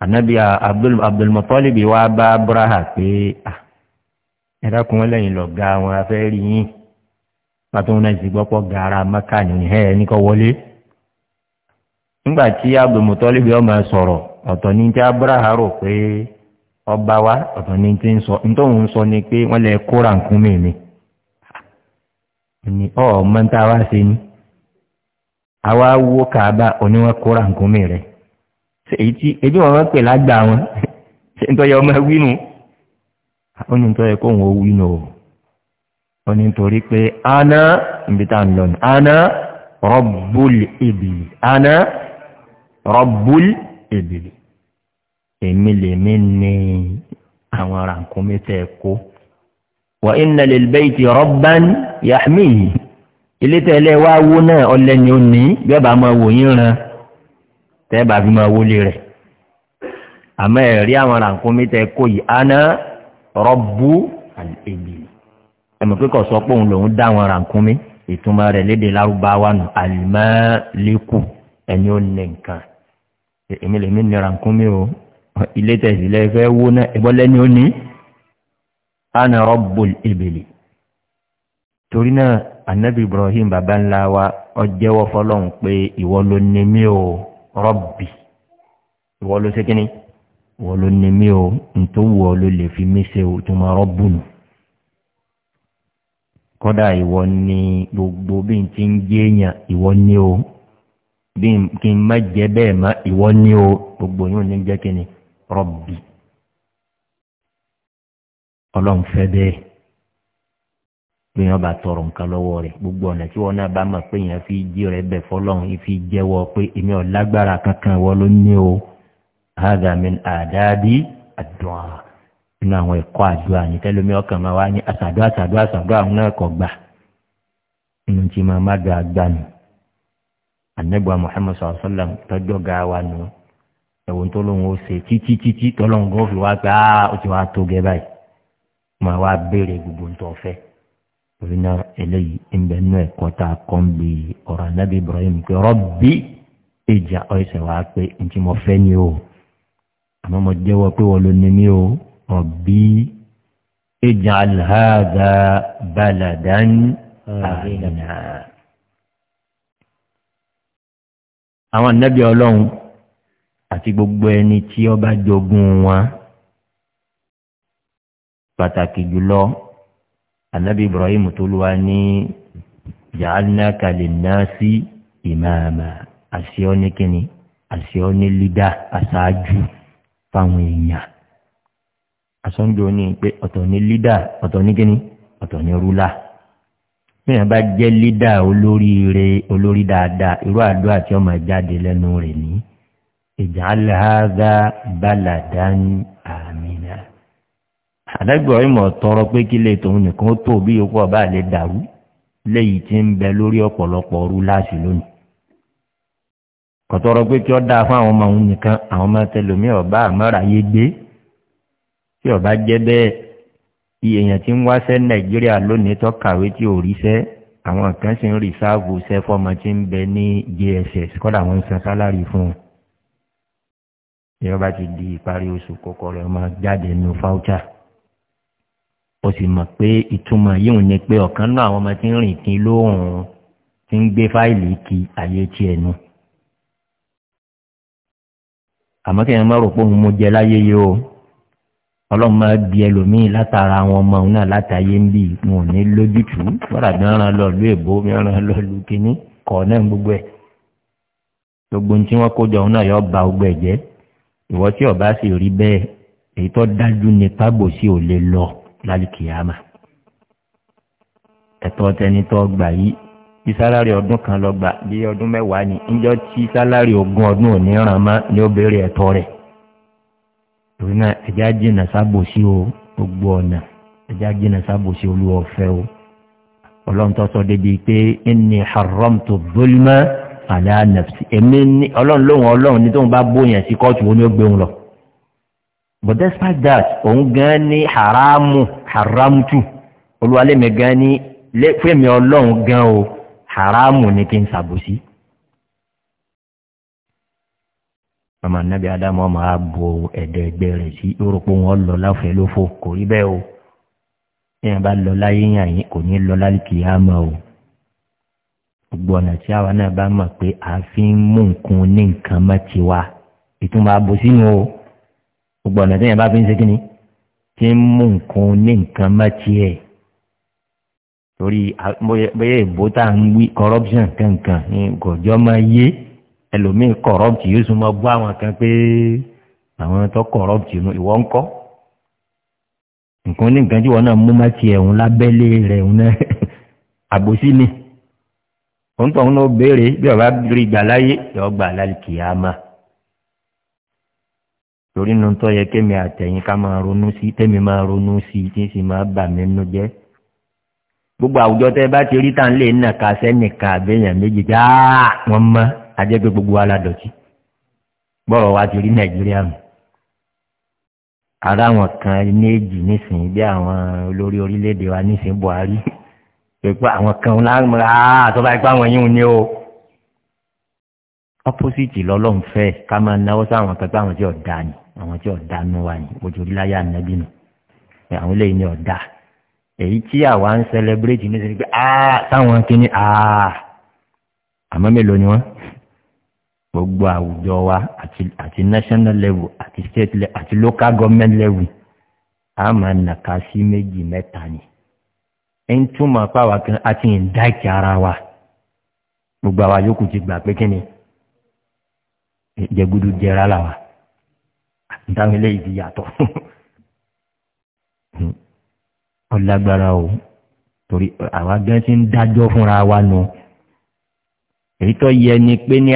anabi abdul abdul wa bá abraha pé ah ẹ̀dá kun wọn lẹ́yìn lọ́gà wọn afẹ́ rí yín pàtó náà gbọ́pọ̀ gara maka nìyẹn ẹ̀ ní kọ́ wọlé. nígbà tí abdulmutalibi ọmọ sọ̀rọ̀ ọ̀tọ̀ ní tí abraha rò pé ọba wa ọ̀tọ̀ ní ń sọ nítòun sọ ni pé wọ́n lè kóra nǹkan mi mi. ọ̀ mọ́ta ni ebi pè lágbà wọn ṣe ń ọmọ ó ní nítorí pé òun ò wí nù o ó ní nítorí pé aná níbi tá à ń lọ ní aná rọ́bùl ìbìlì aná rọ́bùl ìbìlì èmi lèmi ní àwọn ràǹkúnmí tẹ́ kó wà ìnà lè ti rọ́bán yàmíyì ilé tẹ́lẹ̀ wá wó náà ọlẹ́ni ó ní bẹ́ẹ̀bà máa wò yín ran tẹ́ẹ̀bà fi máa wólé rẹ̀ àmọ́ ẹ̀rí àwọn ràǹkúnmí tẹ́ kó yìí aná rọ́bù àlèbí ẹ̀mọ̀ pé kò sọ pé òun lòun dá wọn rànkúnmí ìtumọ̀ rẹ̀ léde lárúbáwá nù àlùmọ́lẹ́kù ẹni ó ní nǹkan èmi lèmi ní rànkúnmí o ilé tẹ̀sílẹ̀ fẹ́ wó náà ẹ̀bọ́n lẹ́ni ó ní ana rọ́bù ìbèlè torí náà anabi ibrahim baba ńlá wa ọjẹ́wọ́ fọlọ́hún pé ìwọ ló ní mí o rọ́bì ìwọ ló ṣe kínní wọ́n ló ní mí o nítorí wọ́n ló lè fi mí ṣe òtúmọ̀ rọ́bùnù kọ́dà ìwọ ni gbogbo bí n ti ń jéèyàn ìwọ ni o bí n kí n má jẹ bẹ́ẹ̀ má ìwọ ni o gbogbo yóò ní jẹ́ kí ni rọ́bì ọlọ́run fẹ́ bẹ́ẹ̀ pé wọn bá tọrọ nǹkan lọ́wọ́ rẹ̀ gbogbo ọ̀nà tí wọn náà bá mọ̀ pé èèyàn fi jí rẹ̀ bẹ̀ fọlọ́run fi jẹ́wọ́ pé èmi ò lágbára kankan ìwọ ló o hada min adabi adu'a nínú àwọn ẹ̀kọ́ àdúrà ní tẹ́lómi ọkàn máa wá ní àtàdúrà àtàdúrà àtàdúrà àwọn ẹ̀kọ́ gbà nínú tí máa má do agbánu anagba muhammed sallallahu alaihi wa sallam tọjọ ga wa nù ẹwọn tó lóun ó ṣe títí títí tọlọrun gan fi wá pé áá ó ti wá tó gẹ báyìí máa wá béèrè gbogbo nǹkan ọ̀fẹ́ torí náà eléyìí ń bẹ nínú ẹ̀kọ́ tá a kọ́ ń bi ọ̀rọ̀ anabi ibrahim pé rọ́bì ìjà ọ̀ẹ́sẹ̀ wá pé ntí mo fẹ́ ni o àmọ́ mo jẹ́wọ́ pé wọ́n ló ní mí o ọ̀bí ìjà alhada baladan àhìnà. àwọn anábì ọlọ́run àti gbogbo ẹni tí ọba jogun wọn pàtàkì jùlọ anabi ibrahim tó lù wá ní jàánà kalẹ̀ náà sí ìmáàmà àṣẹ ọ́nìkìnní àṣẹ ọ́nìlídà àṣáájú. fáwọn èèyàn asọ́njọ́ ní pé ọ̀tọ̀ ní lídà ọ̀tọ̀ ní kíní ọ̀tọ̀ ní rúlà bẹ́ẹ̀ bá jẹ́ lídà olóríire olórí dáadáa irú àdó àti ọmọ ìjáde lẹ́nu rẹ̀ ní ìjà aláàgá baladan àmìnà ìmọ̀ tọrọ pé kí lè tòun nìkan tó bí yòókù ọba lè dàrú léyìí tí ń bẹ lórí ọ̀pọ̀lọpọ̀ rúlà kọ̀tọ́rọ pé kí ọ dáa fún àwọn ọmọ òun nìkan àwọn ọmọ tẹlòmí ọba àmọ́ra yé gbé tí ọba jẹ́ bẹ́ẹ̀ iye èèyàn tí ń wáṣẹ́ nàìjíríà lónìí tó kàwé tí ò ríṣẹ́ àwọn kan sì ń rìsáàbù iṣẹ́ fọ́mọ tí ń bẹ ní jss kọ́dà wọ́n ń san sálárì fún un ní ti di ìparí oṣù kọ́kọ́ rẹ̀ máa jáde nu fáúchà ó sì mọ̀ pé ìtumọ̀ yíò ni pé ọ̀kan náà àwọn ọmọ tí ń rìn kí lóhùn ti ń gbé fáìlì kí ayé tiẹ̀ nu. No àmọ́ kí ẹni má rò pé òun mo jẹ láyé yìí o ọlọ́run máa bí ẹlòmíì látara àwọn ọmọ òun náà látàyé ń bì wọn ò ní lójútù wọ́n àdánran lọ lú èbó mìíràn lọ lú kínní kọ̀ náà gbogbo ẹ̀ gbogbo ohun tí wọ́n kó jọ òun náà yọ ba gbogbo jẹ́ ìwọ tí ọba sì rí bẹ́ẹ̀ èyí tó dájú ni págbòsí ò lè lọ lálùkìyàmà ẹ̀tọ́ tẹni tó gbà yìí bí sálárì ọdún kan lọ gbà bí ọdún mẹ́wàá ni níjọ́ tí sálárì ogún ọdún ò ní ràn mọ́ ni ó béèrè ẹ̀tọ́ rẹ̀ torí náà ẹ̀já jìnnà sábòsí o gbogbo ọ̀nà ẹ̀já jìnnà sábòsí olú ọ̀fẹ́ o ọlọ́ntọ́ sọ débi pé ẹni haram tó bólúmọ́ àlẹ́ ànàfsì èmi ní ọlọ́run lóhùn ọlọ́run ní tóun bá bóyàn sí kóòtù ó ní ó gbéhùn lọ but despite that òun gan ní haramu haramutu olúwalẹ́mi gan ní fẹ́mi ọlọ́run gan o haramu ni kí n sàbòsí. ọmọ anábì adamu ọmọ abo ẹ̀dẹ̀ ẹgbẹ́ rẹ̀ sí yóò pé wọ́n lọ láfẹ́ ló fò kò rí bẹ́ẹ̀ o yẹn bá lọ láyé yàn yín kò ní lọ lálùkì yá mọ́ o gbogbo ọ̀nà tí àwa náà bá mọ̀ pé a fi ń mú nǹkan ní nǹkan mọ́ tiwa ìtumọ̀ àbòsí nu o gbogbo ọ̀nà tí yẹn bá fi ń ṣe kí ni tí ń mú nǹkan ní nǹkan mọ́ tiẹ̀ torí bẹ́ẹ̀ ìbò tá à ń wí corruption kankan ní gọ̀jọ́ máa yé ẹlòmíì corrupt yóò sún mọ́ bọ́ àwọn kan pé àwọn tó corrupt nù ìwọ ń kọ́ nǹkan ní nǹkan tí wọn náà mú má tiẹ̀ ń lábẹ́lé rẹ̀ ń náà àbòsí ni òun tó ń lọ béèrè bí ọba rí gbà láyé yọ gbà lálùkì á má torí nu tó yẹ kémi àtẹ̀yìn ká máa ronú sí tẹ́mi máa ronú sí tí sì máa bà mí nú jẹ́ gbogbo àwùjọ tẹ bá ti rí tá n lè nà ká sẹ́nìkà àbẹ̀yàn méjì dáa wọ́n mọ́ ajẹ́pẹ́ gbogbo aládọ̀tí bọ́rọ̀ wa ti rí nàìjíríà mọ́ ara àwọn kan méjì nísìnyí bí àwọn olórí orílẹ̀-èdè wa nísìnyí buhari pẹ̀pẹ́ àwọn kan láàmúra àtọ́ba ipá wọn yíwọ́n ni o opposite lọ́lọ́run fẹ́ ká máa náwó sáwọn pẹ̀pẹ́ àwọn tí ọ̀dà ni àwọn tí ọ̀dà nu wa ni ojú orílẹ̀ ayé ànábì nù àwọn eléyìí ni ọ̀dà èyí tí àwa ń sẹlẹbírèjì ní sẹ́ni pé ah, táwọn kíní ah. àmọ́ mélòó ni wọ́n gbogbo àwùjọ wa àti àti national level àti state level àti local government level a máa nàka sí méjì mẹ́ta ni ń túmọ̀ pàwọ́ kan àti ìdáìkì ara wa gbogbo àwa yòókù ti gbà pé kíni jẹgudu jẹra la wa àti táwọn eléyìí ti yàtọ̀. ọlágbára o torí àwa gẹ́gẹ́ ti ń dájọ́ fúnra wa nu èyí tó yẹ ni pé ní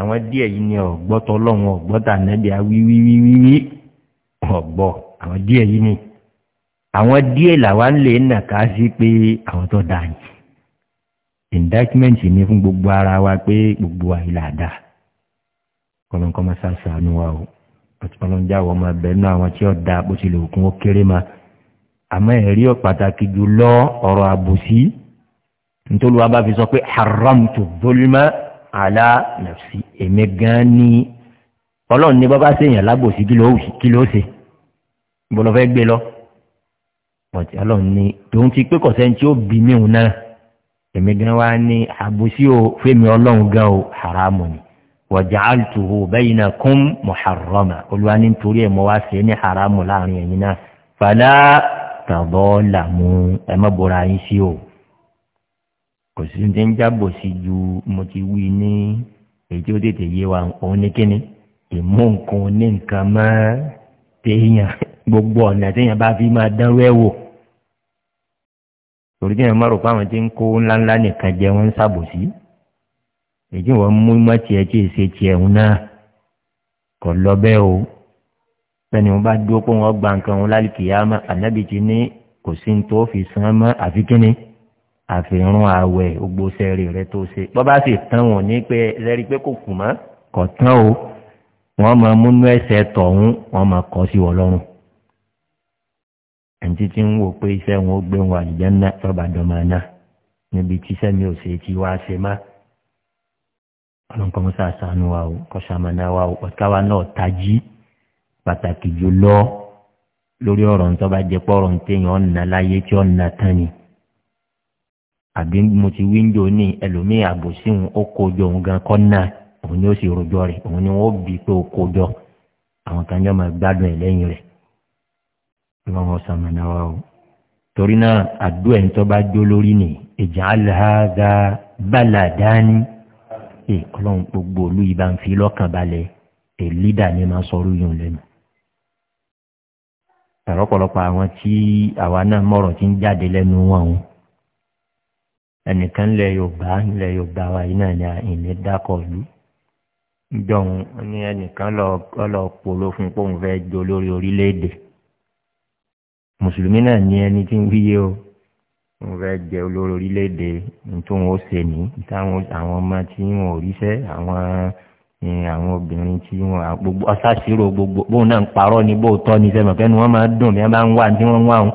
àwọn díẹ̀ yìí ni ọ̀gbọ́tọ̀ ọlọ́run ọ̀gbọ́tà nẹ́bí awíwíwíwí ọ̀gbọ́ àwọn díẹ̀ yìí ni àwọn díẹ̀ làwa ń lè nà ká sí pé àwọn tó dáa yìí indictment ni fún gbogbo ara wa pé gbogbo àìlà dáa kọ́lọ́nkọ́ máa sá sànú wa o ọlọ́njà wọ́n máa bẹ̀rù náà àwọn tí ó dáa bó tilẹ̀ òkun ó kéré máa àmọ́ ẹ̀rí pàtàkì jùlọ ọ̀rọ̀ àbòsí nítorí wàá bá fi sọ pé haram tó bólúmọ́ àlá nàfsí èmi gan ni ọlọ́run ní bábá séèyàn lábòsí kí ló wù kí ló ṣe bó lọ fẹ́ gbé lọ ọ̀tí ọlọ́run ní tòun ti pé kọ̀sẹ́ tí ó bí míhun náà èmi gan wá ní àbòsí o fẹ́mi ọlọ́run gan o haramu ni wọ̀jà àlùtùhù bẹ́yìn náà kún mọ̀hàrọ́mà olúwa ní nítorí ẹ̀ mọ́ wá sí ní haramu láàrin ẹ̀yìn náà tàbọ̀ làmú ẹ má bora yín sí o kò sí ní ń jábọ̀ sí ju mo ti wí ní èyí tí ó tètè yé wa òun ní kíni ìmú nǹkan ní nǹkan mọ́ téèyàn gbogbo ọ̀nà téèyàn bá fi máa dánwó ẹ̀ wò torí téèyàn má rò pé àwọn tí ń kó ńláńlá nìkan jẹ wọn ń ṣàbòsí èyí tí wọ́n mú mọ́ tiẹ̀ tí èsè tiẹ̀ ń náà kò lọ bẹ́ẹ̀ o bẹ́ẹ̀ni wọ́n bá dúró pé wọ́n gba nǹkan wọn lálẹ́ kìyàmá ànábì ti ní kò sí ní tó fi san mọ́ àfi kíni àfihàn àwẹ̀ gbogbo sẹ́ẹ̀rì rẹ tó ṣe bọ́ bá sì tán wọn ní pé lẹ́rí pé kò kù mọ́ kò tán o wọ́n máa múnú ẹ̀sẹ̀ tọ̀hún wọ́n máa kọ́ sí wọ́n lọ́rùn. àǹtí tí ń wò pé iṣẹ́ wọn ó gbé wọn àlùjá ńlá tọ́ba dọ́mà níbi tí sẹ́mi ò ṣe ti wá ṣe má. ọlọ́nkọ́ mọ́sá sànú wa o kọ́ṣàmánà wa o ọ̀tá wa náà tají pàtàkì jùlọ lórí ọ̀rọ̀ ń tọ́ba jẹ́ pọ̀rọ̀ ń téèyàn ọ̀nà láyé tí ọ̀nà tán ni àbí mo ti wíńdò ní ẹlòmíì àbòsíhun ó kojọ òun gan kọ́ náà òun ni ó sì rojọ́ rẹ̀ òun ni wọ́n bí pé ó kojọ àwọn kan jọ máa gbádùn ẹ̀ lẹ́yìn rẹ̀ ọlọ́run ọ̀sán wa o torí náà àdó ẹ̀ ń tọ́ jó lórí ni ìjà aláàgá bàlàdání ẹ ọlọ́run gbogbo olú yìí bá ń fi lọ́kàn balẹ̀ ẹ̀ ni máa sọ orí yòó lẹ́nu ọ̀pọ̀lọpọ̀ àwọn tí àwa náà mọ̀rọ̀ ti ń jáde lẹ́nu wọn o ẹnìkan lẹ yorùbá lẹ yorùbá wa yìí náà ní àìní dákọ̀ọ́lù jọ̀hún ní ẹnìkan lọ polo fún pé òun fẹ́ jo lórí orílẹ̀-èdè mùsùlùmí náà ní ẹni tí ń wíyé o òun fẹ́ jẹ olórí orílẹ̀-èdè nítorí wọn ó ṣe ní táwọn àwọn ọmọ tí wọn ò ríṣẹ́ àwọn àwọn obìnrin tí wọn gbogbo ọsàṣírò gbogbo bóun náà ń parọ́ ní bóòtọ́ ní sẹ́mọ̀ kẹ́nu wọn máa dùn bí wọ́n bá ń wà tí wọ́n ń wà wọn.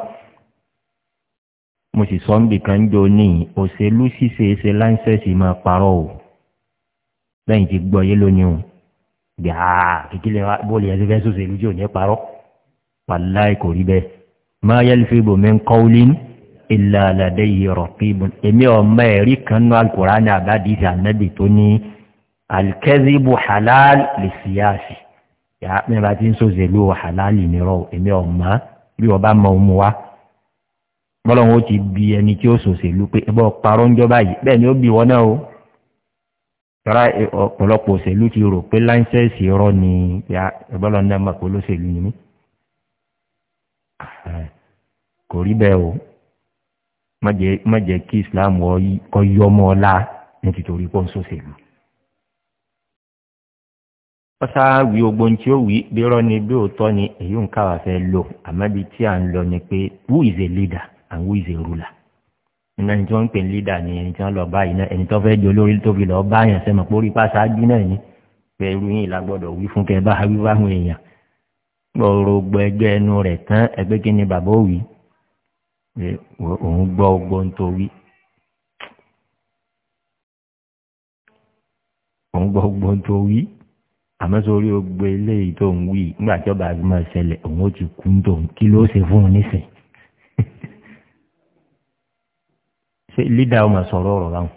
mo sì sọ níbi kan jọ ní òṣèlú ṣíṣe ṣe láńsẹ̀sì máa parọ́ o lẹ́yìn tí gbọ́ yé lónìí o gbàá ìkílẹ̀ bóòlù yẹn ti fẹ́ sòṣèlú tí ò ní parọ́ wàláì kò rí bẹ́ẹ̀ máa yẹ lè fi bò mí ń kọ́ ó lé ìlàlàdé yìí rọ̀ kí alikẹ́síbù halal lè síyáàsì yàrá mi bá ti ń sòṣèlú halal nírọ̀ èmi ọ̀mọ́ bí wọ́n bá mọ ohun wa bọ́lọ́hún ó ti bi ẹni tí ó sòṣèlú pé ẹbọ parọ́ ń jọba yìí bẹ́ẹ̀ ni ó bi wọn náà o tọ́ra ọ̀pọ̀lọpọ̀ òṣèlú ti rò pé láńsẹ́ẹ̀sì rọ ni ẹbọ́lọ́ náà mọ̀ pé olóṣèlú ni mí kò rí bẹ́ẹ̀ o má kí islam kọ́ yọmọ́ ọlá ní títorí pọ́ńsọ́ṣèlú ọ̀sá wí ogbon tí ó wí bí rọ́ ni bí òótọ́ ni èyí ń káwà fẹ́ lò àmọ́bi tí à ń lọ ni pé who is a leader and who is a ruler nínú ẹni tí wọ́n ń pè ní leader ni ẹni tí wọ́n lọ báyìí náà ẹni tó fẹ́ di olórí tó fi lọ bá yàn sẹ́mọ̀ pé orí pàṣáájú náà ni pé irú yìí la gbọ́dọ̀ wí fún kẹ́ bá wí fáwọn èèyàn gbọ́rọ̀ gbọ́ ẹgbẹ́ ẹnu rẹ̀ tán ẹgbẹ́ kí ni bàbá òwì òun gbọ́ ogbon tó wí òun gbọ́ ogbon tó wí àmọ́ sórí ogbe eléyìí tó ń wí nígbà tí ọba àti máa ṣẹlẹ̀ òun ó ti kú tó ń kí ló ṣe fún un nísìn. ṣé lídà ọmọ sọ̀rọ̀ ọ̀rọ̀ báwọn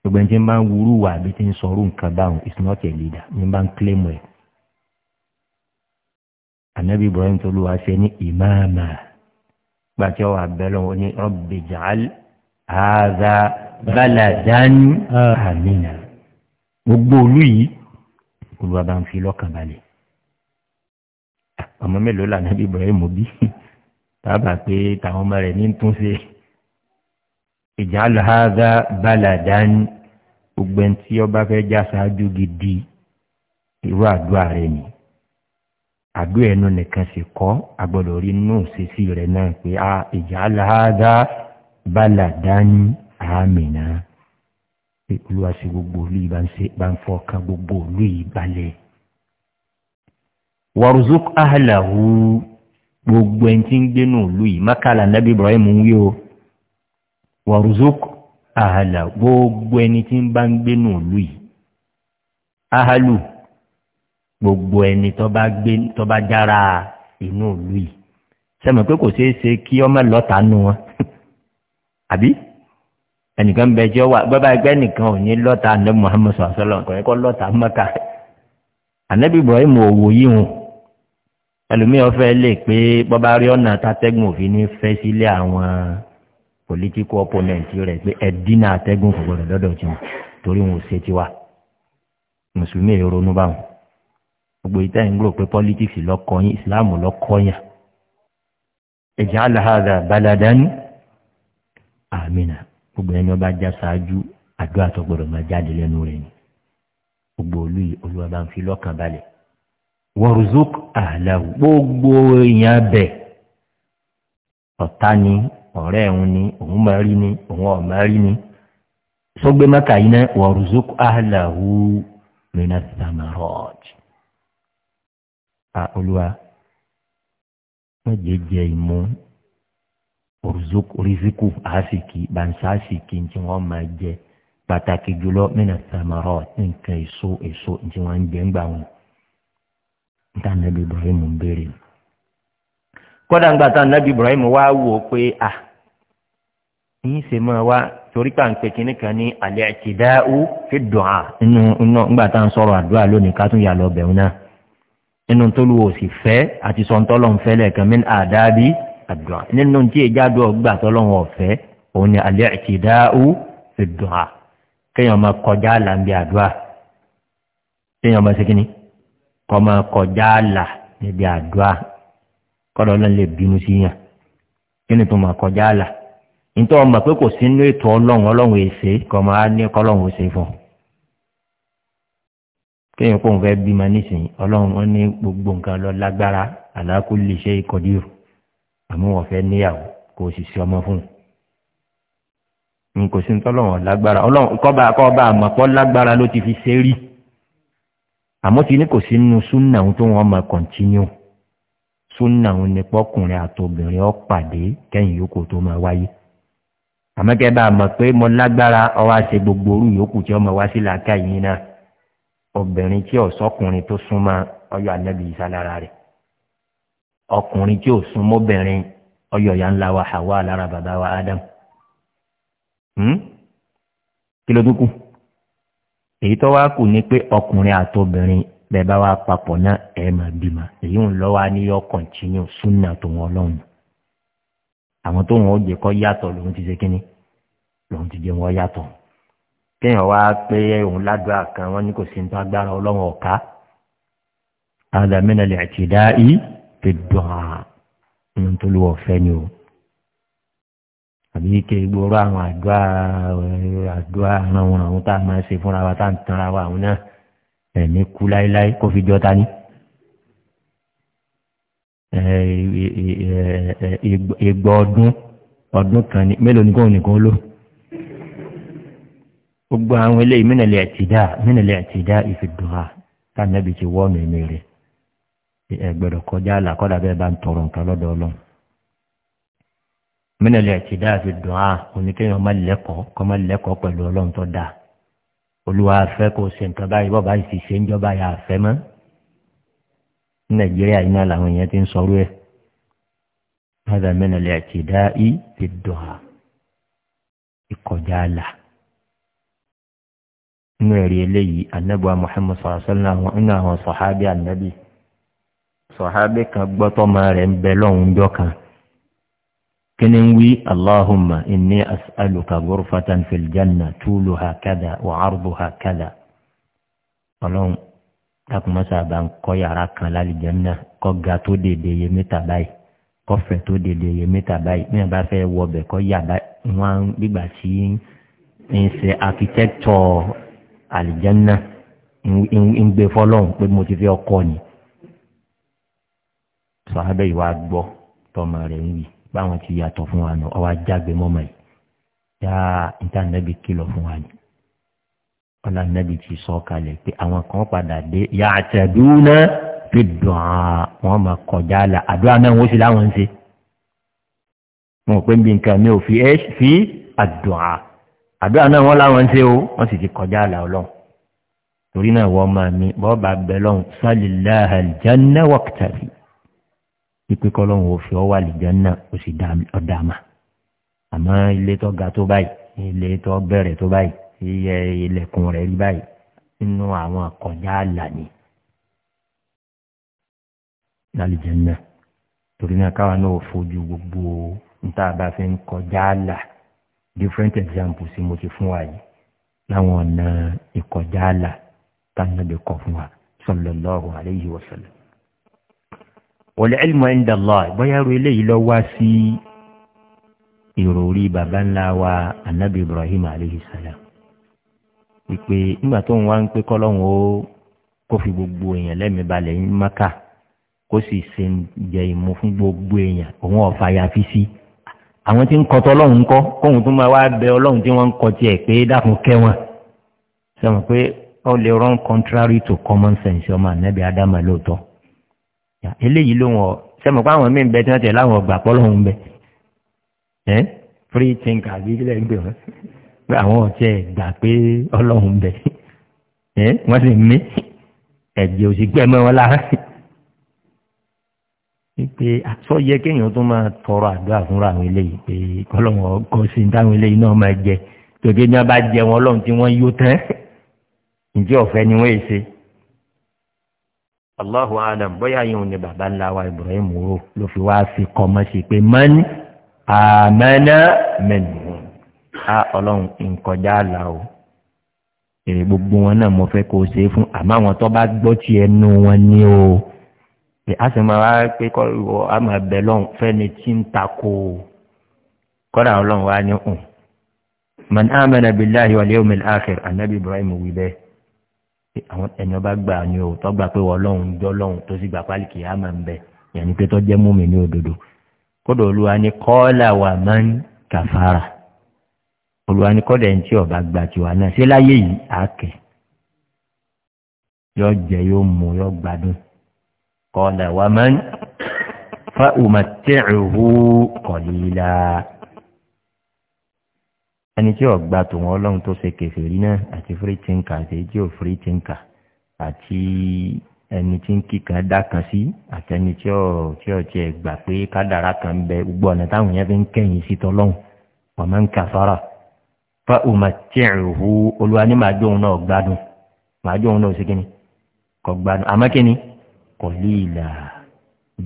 gbogbo ẹni tí ń bá ń wúrú wà àbí tí ń sọ̀rọ̀ nǹkan báwọn is not a leader ní bá ń claim ẹ̀. ànábì ibrahim tó lù wá ṣe ní ìmáàmà nígbà tí ọwọ́ abẹ́lẹ̀ wọn ní rabbi ja'al hadha baladan ah. amina gbogbo olú yìí olúwa bá ń fi lọ́kàn balẹ̀ ọmọ mélòó là nàbí ibrahim bí tábà pé táwọn ọmọ rẹ̀ ní tún ṣe ìjà alhaza baladan gbogbo ẹni tí ọba fẹ́ já ṣáájú gidi irú àdúrà rẹ̀ ni àdúrà ẹnu nìkan sì kọ́ agbọ́dọ̀ rí inú òṣèṣì rẹ̀ náà pé ìjà ah, alhaza baladan amina pé olúwa ṣe gbogbo olú yìí bá ń fọkàn gbogbo olú yìí balẹ̀. wàrúzúk ahàlàhù gbogbo ẹni tí ń gbénu olú yìí mákàlà nàbí ibrahim ń wí o wàrúzúk ahàlà gbogbo ẹni tí ń bá ń gbénu olú yìí ahàlù gbogbo ẹni tó bá jára inú olú yìí sẹ́mi pé kò ṣeé ṣe kí ọmọ lọ́ta nu wọn àbí ẹnìkan bẹ jẹ́ wà bàbá ẹgbẹ́ nìkan ò ní lọ́ta anabi muhammed sọ̀sọ́lọ̀ nǹkan ẹ̀kọ́ lọ́ta mẹ́ka anabi ibrahim òwò yìí hùn ẹlòmíràn fẹ́ lè pé bàbá rí ọ̀nà tàtẹ́gùn òfin ní fẹ́ sílé àwọn political opponent rẹ̀ pé ẹ̀dínà àtẹ́gùn kò gbọdọ̀ lọ́dọ̀ tí torí wọn ò ṣe tiwa mùsùlùmí èrò ronú báwọn gbogbo ìtẹ́ ń gbọ́ pé politics lọ́kọ́ yín islam lọ́kọ́ yàn ẹ̀jẹ̀ alahada baladani amina gbogbo ẹni ọba já ṣáájú àdúrà tó gbọdọ̀ máa jáde lẹ́nu rẹ̀ ni gbogbo olú yìí olúwa bá ń fi lọ́kàn balẹ̀ wọ́rùzúk àhàlàwù gbogbo èèyàn bẹ̀ ọ̀tá ni ọ̀rẹ́ ẹ̀hún ni òun máa rí ni òun ọ̀ rí ni sọgbẹ́ mẹ́ta yìí náà wọ́rùzúk àhàlàwù rìnnà samarọ́ọ̀jì. a olúwa wọ́n jẹ́ jẹ́ ìmú rìzíkù àásìkì bàǹsáàsìkì tí wọ́n máa jẹ pàtàkì jùlọ mẹ́nà sàmárọ̀ nǹkan èso èso tí wọ́n ń jẹ ń gbà wọn. níta nàbí Ibrahim ń béèrè. kódà ń gbà tá nàbí Ibrahim wá wò ó pé à yín ṣe máa wá torí pa ń pè kínní kan ní alẹ́ ìtìdáú fi dùnà nínú iná ńgbà tá à sọ̀rọ̀ àdúrà lónìí ká tún yà lọ bẹ̀rù náà nínú tó lu òsì fẹ́ àti sọ̀ńtọ́lọ́ ń fẹ́ lẹ́ẹ̀kan min àdábí àdùá nínú tí ìjádù ọgbà tọ́lọ́wọ́n ọ̀fẹ́ òun ni alẹ́ ìtìdáhù fi dùá kéèyàn máa kọjá àlà ń bi àdùá kéèyàn máa ṣe kíni kọ́ máa kọjá àlà níbi àdùá kọ́dọ̀ náà lè bínú sí yàn kíni tó máa kọjá àlà nítorí ọmọ pé kò sínú ètò ọlọ́run ọlọ́run èsè kọ́ máa ní kọ́lọ́run èsè fún un kéèyàn kóun fẹ́ bímọ nísìnyí ọlọ́run wọn ní gbogbo nǹkan lọ lágbára àlákùlé iṣẹ́ ìkọ̀dírù àmọ́ wọ́n fẹ́ níyàwó kò sì sí ọmọ fún un kò sí ntọ́lọ́wọ̀n lágbára ọlọ́run kọ́ba kọ́ba àmọ̀pọ̀ lágbára ló ti fi ṣe rí àmọ́ ti ní kò sí nínú súnà òun tó wọ́n máa kọ̀ntínú súnà òun ni pọ́kùnrin àtòbìnrin ọ́ pàdé kẹ́yìn yòókù tó máa wáyé àmọ́ kẹ́ bá a mọ̀ pé mo lágbára ọwọ́ àṣẹ gbogbo orú yòókù tí ọmọ wá sí làákà yìí náà obìnrin tí ọ̀sọ́kùnrin tó súnmọ́ ọyọ ànábì ìsálára rẹ̀ ọkùnrin tí ò sún mọ́bìnrin ọyọ̀yà ńlá wa Hawa lára bàbá wa Adam hmm? kí ló dúkù èyí tó wá kù ni pé ọkùnrin àtobìnrin bẹ́ẹ̀ bá wá papọ̀ náà ẹ̀ máa bímọ èyí ń lọ́ wá ní yọ kọ̀ǹtínú súnà tó wọn lọ́hùn àwọn tó wọn ó jẹ kọ́ yàtọ̀ lòun ti ṣe kínní lòun ti jẹ wọn yàtọ̀ kéèyàn wá pé òun ládùúgbà kan wọn ní kò sí ní agbára ọlọ́run ọ̀ka àdàmínà lè àtìdá yìí. fi dùn àwọn tó lù ọ̀fẹ́ ni o àbí ike gbòòrò àwọn àdúrà àdúrà àwọn àwọn tá a máa ṣe fúnra wa tá a ń tanra wa àwọn náà ẹ̀mí kú láéláé kó fi jọta ní. ìgbọ́ ọdún ọdún kan ní mélòó nìkan nìkan ló. gbogbo àwọn eléyìí mínàlẹ̀ ẹ̀tìdá mínàlẹ̀ ẹ̀tìdá ìfìdùnà tá a nàbì ti wọ́ọ̀nù ẹ̀mí rẹ̀ ẹ gbọ́dọ̀ kọjá àlà kọ́dà bẹ́ẹ̀ bá ń tọrọ nǹkan lọ́dọ̀ ọlọ́run. mínàlẹ́ àti dáàfi dùn á oníkéèyàn má lẹ́kọ̀ọ́ kọ́ má lẹ́kọ̀ọ́ pẹ̀lú ọlọ́run tó dáa olúwa fẹ́ kó ṣe nǹkan báyìí bọ́ọ̀ báyìí ṣe ń jọba yà fẹ́ mọ́. ní nàìjíríà iná làwọn èèyàn ti ń sọrú ẹ̀. هذا من الاعتداء في الدعاء ìkọjá àlà nínú ẹ̀rí eléyìí anábọ̀ muhammed sọ̀rọ̀ sọ́lá nínú àwọn sọ̀hábí ànábì sọ kan gbọ́tọ́mọ rẹ̀ ń bẹ lọ́hùn jọ kan kíni ń wí aláhùnmá ìní asálùkà gọ́rùfàtàn fìlìjánà túlù ha kada wà árùbù ha kada bá ń kọ́ yàrá kan lálìjánà kọ́ ga tó dèdè yé mítà báyìí kọ́ fẹ̀ tó dèdè yé báyìí bá fẹ́ wọ ọbẹ̀ kọ́ yàrá wọn gbígbà sí ń ṣe sàhábẹ́ ìwà gbọ́ tọmọ rẹ̀ ń wì báwọn ti yàtọ̀ fún wa nù ọwọ́ ajágbe mọ́mọ́ yìí yá níta nẹ́bi kìlọ̀ fún wa ni ọ̀là nẹ́bi ti sọ kalẹ̀ pé àwọn kan padà dé yà àtẹ̀dúnà fi dùn án wọ́n máa kọjá la àdúrà náà wọ́n sì láwọn ń ṣe wọn pé bí nǹkan mi ò fi ẹ́ fi àdùnà àdúrà náà wọ́n láwọn ń ṣe o wọ́n sì ti kọjá la ọlọ́run torí náà wọ́n máa mi bọ́ọ̀ bá bẹ lọ́hùn sálíláhà jẹ́ náwó kìtàbí pípé kọ́lọ́hún ò fi ọ́ wà lìjánná ó sì ọ̀dà mà àmọ́ ilé tó ga tó báyìí ilé tó bẹ̀rẹ̀ tó báyìí iye ilẹ̀kùn rẹ̀ rí báyìí nínú àwọn àkọjá àlà ni lálìjánná torí náà káwa náà fojú gbogbo níta bá fi ń kọjá àlà different examples tí mo ti fún wa yìí láwọn ọ̀nà ìkọjá àlà táwọn ẹgbẹ́ kọ̀ fún wa sallallahu alayhi wa sallam. wọlé ẹlmọ ẹnda lọ bóyá ru eléyìí lọ wá sí ìròrí baba ńlá wa anabi ibrahim aleyhi salam nígbà tó ń wá ń pé kọ́lọ́hún gbogbo èèyàn lẹ́mìí balẹ̀ ń maka kó sì ṣe jẹ ìmú fún gbogbo èèyàn òun ọ̀fà yàfi sí àwọn tí ń kọ́ kóhun tó máa wá bẹ tí wọ́n ń kọ́ tiẹ̀ to common sense ọmọ lóòótọ́. eléyìí ló wọn sẹ́mu pé àwọn míì ń bẹ tí wọ́n tẹ̀ láwọn ọgbà pọ́ lọ́hùn bẹ ẹ́ free think àbí ilẹ̀ ń gbè wọ́n pé àwọn ọ̀tẹ̀ gbà pé ọlọ́hùn bẹ ẹ́ wọ́n sì mí ẹ̀jẹ̀ òsì gbẹ́ mọ́ wọn lára pé àtọ́ yẹ kéèyàn tó máa tọrọ àdúrà fúnra àwọn eléyìí pé kọ́lọ́hùn ọkọ̀ sí táwọn eléyìí náà máa jẹ tòkè ní bá jẹ wọn ọlọ́run tí wọ́n yó tán ǹjẹ́ ọ̀fẹ́ ni wọ́n yìí ṣe allahu adam bóyá yìí ni bàbá ńlá wa ibrahim rò ló fi wá sí kọmọ sí pé mọ́ni àmẹ́nà mẹ́nu á ọlọ́run nkọjá là o èrè gbogbo wọn náà mo fẹ́ kó o ṣe é fún àmọ́ àwọn tó bá gbọ́ tí ẹnu wọn ní o a sì máa wá pé kọ́ a máa bẹ̀ lọ́hùn fẹ́ni tí ń takò kọ́dà ọlọ́run wa ní hùn mọ̀n àmẹ́nà bíláhi wàlẹ́ omi àkẹ́rẹ́ ànábì ibrahim wí bẹ́ẹ̀ àwọn ẹni ọba gbà ni o tọ́gbà pé wọ́n lọ́hùn jọ́ lọ́hùn tó sì gbà pálí kìí àmà ń bẹ̀ yẹn ni pé tó jẹ́ múmi ní òdodo kódà olúwa ni kọ́ọ́là wà máa ń kàfàrà olúwa ni kọ́dà ẹni tí ọba gbà tiwa náà ṣé láyé yìí àákẹ́ yọ jẹ yóò mú yọ gbádùn kọ́ọ́là wà máa ń fa ùmọ̀tẹ́rù kọ̀lílà ẹni tí ò gba tòun ọlọ́run tó ṣe kèfèrí náà àti free thinker àti èyí tí ò free thinker àti ẹni tí ń kíkan dá kan sí àti ẹni tí ò tí ò tiẹ̀ gbà pé kádàrá kan bẹ gbogbo ọ̀nà táwọn yẹn fi ń kẹ́yìn sí tọ́lọ́run ọ̀mọ ń kàfàrà fa òmàtìrìhù olúwa ní màá jóun náà gbádùn màá jóun náà ṣe kíni kò gbádùn àmọ́ kíni kò lè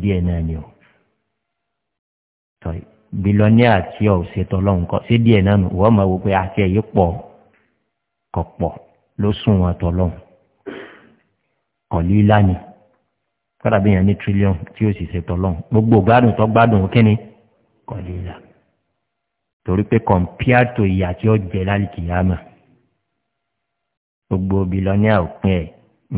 díẹ̀ náà ni o bilọ́níà tí ọ̀ ṣètò lọ́hùn kọ́ ṣé díẹ̀ náà nù wọ́n máa wò pé àti ẹ̀yí pọ̀ kọ̀ pọ̀ ló sùn wọn tọ̀ lọ́hùn kọ̀ lílá ni kọ́dà bí yẹn ní tírílíọ̀n tí ó sì ṣètò lọ́hùn gbogbo gbádùn tó gbádùn kínní kọ̀ lílá torí pé kọ̀m̀píàtò ìyà tí ó jẹ lálìkìyàmà gbogbo bilọ́níà òpin ẹ̀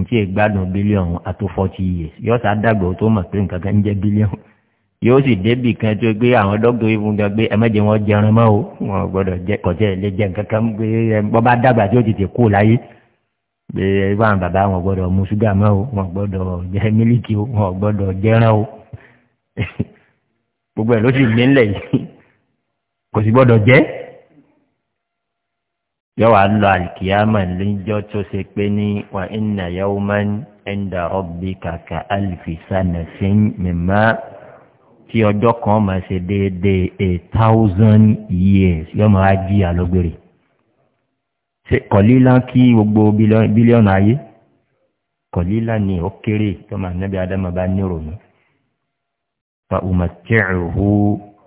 ntí ìgbádùn bílíọ̀n àtó fọ́tí yìí yọ́ta dàgbà ó yóò sì débì kan tó gbé àwọn dọ́gbò ìfún gan gbé ẹmẹ́jẹ wọn jẹran mọ́ o wọn gbọ́dọ̀ jẹ kọ̀jẹ́ ilé jẹ nǹkan kan gbé wọn bá dàgbà tí ó ti tè kú láyé gbé wọn bàbá wọn gbọ́dọ̀ mu ṣúgà mọ́ o wọn gbọ́dọ̀ jẹ mílíkì o wọn gbọ́dọ̀ jẹran o gbogbo ẹ̀ ló sì gbé ńlẹ̀ yìí kò sì gbọ́dọ̀ jẹ́ yóò wá lọ àlìkìyàmà lójọ́ tó ṣe pé ní wà ìnà yawman ẹ̀ńdà ọ̀bì kàkà àlìfisànà sí mímá tí ọjọ́ kan máa ṣe déédéé a thousand years yóò máa jí àlọ́gbèrè kọ̀lílá kí gbogbo bílíọ̀nù ayé kọ̀lílá ni ó kéré tó máa nẹ́bí adama bá ní ìrònú fa umatiruhu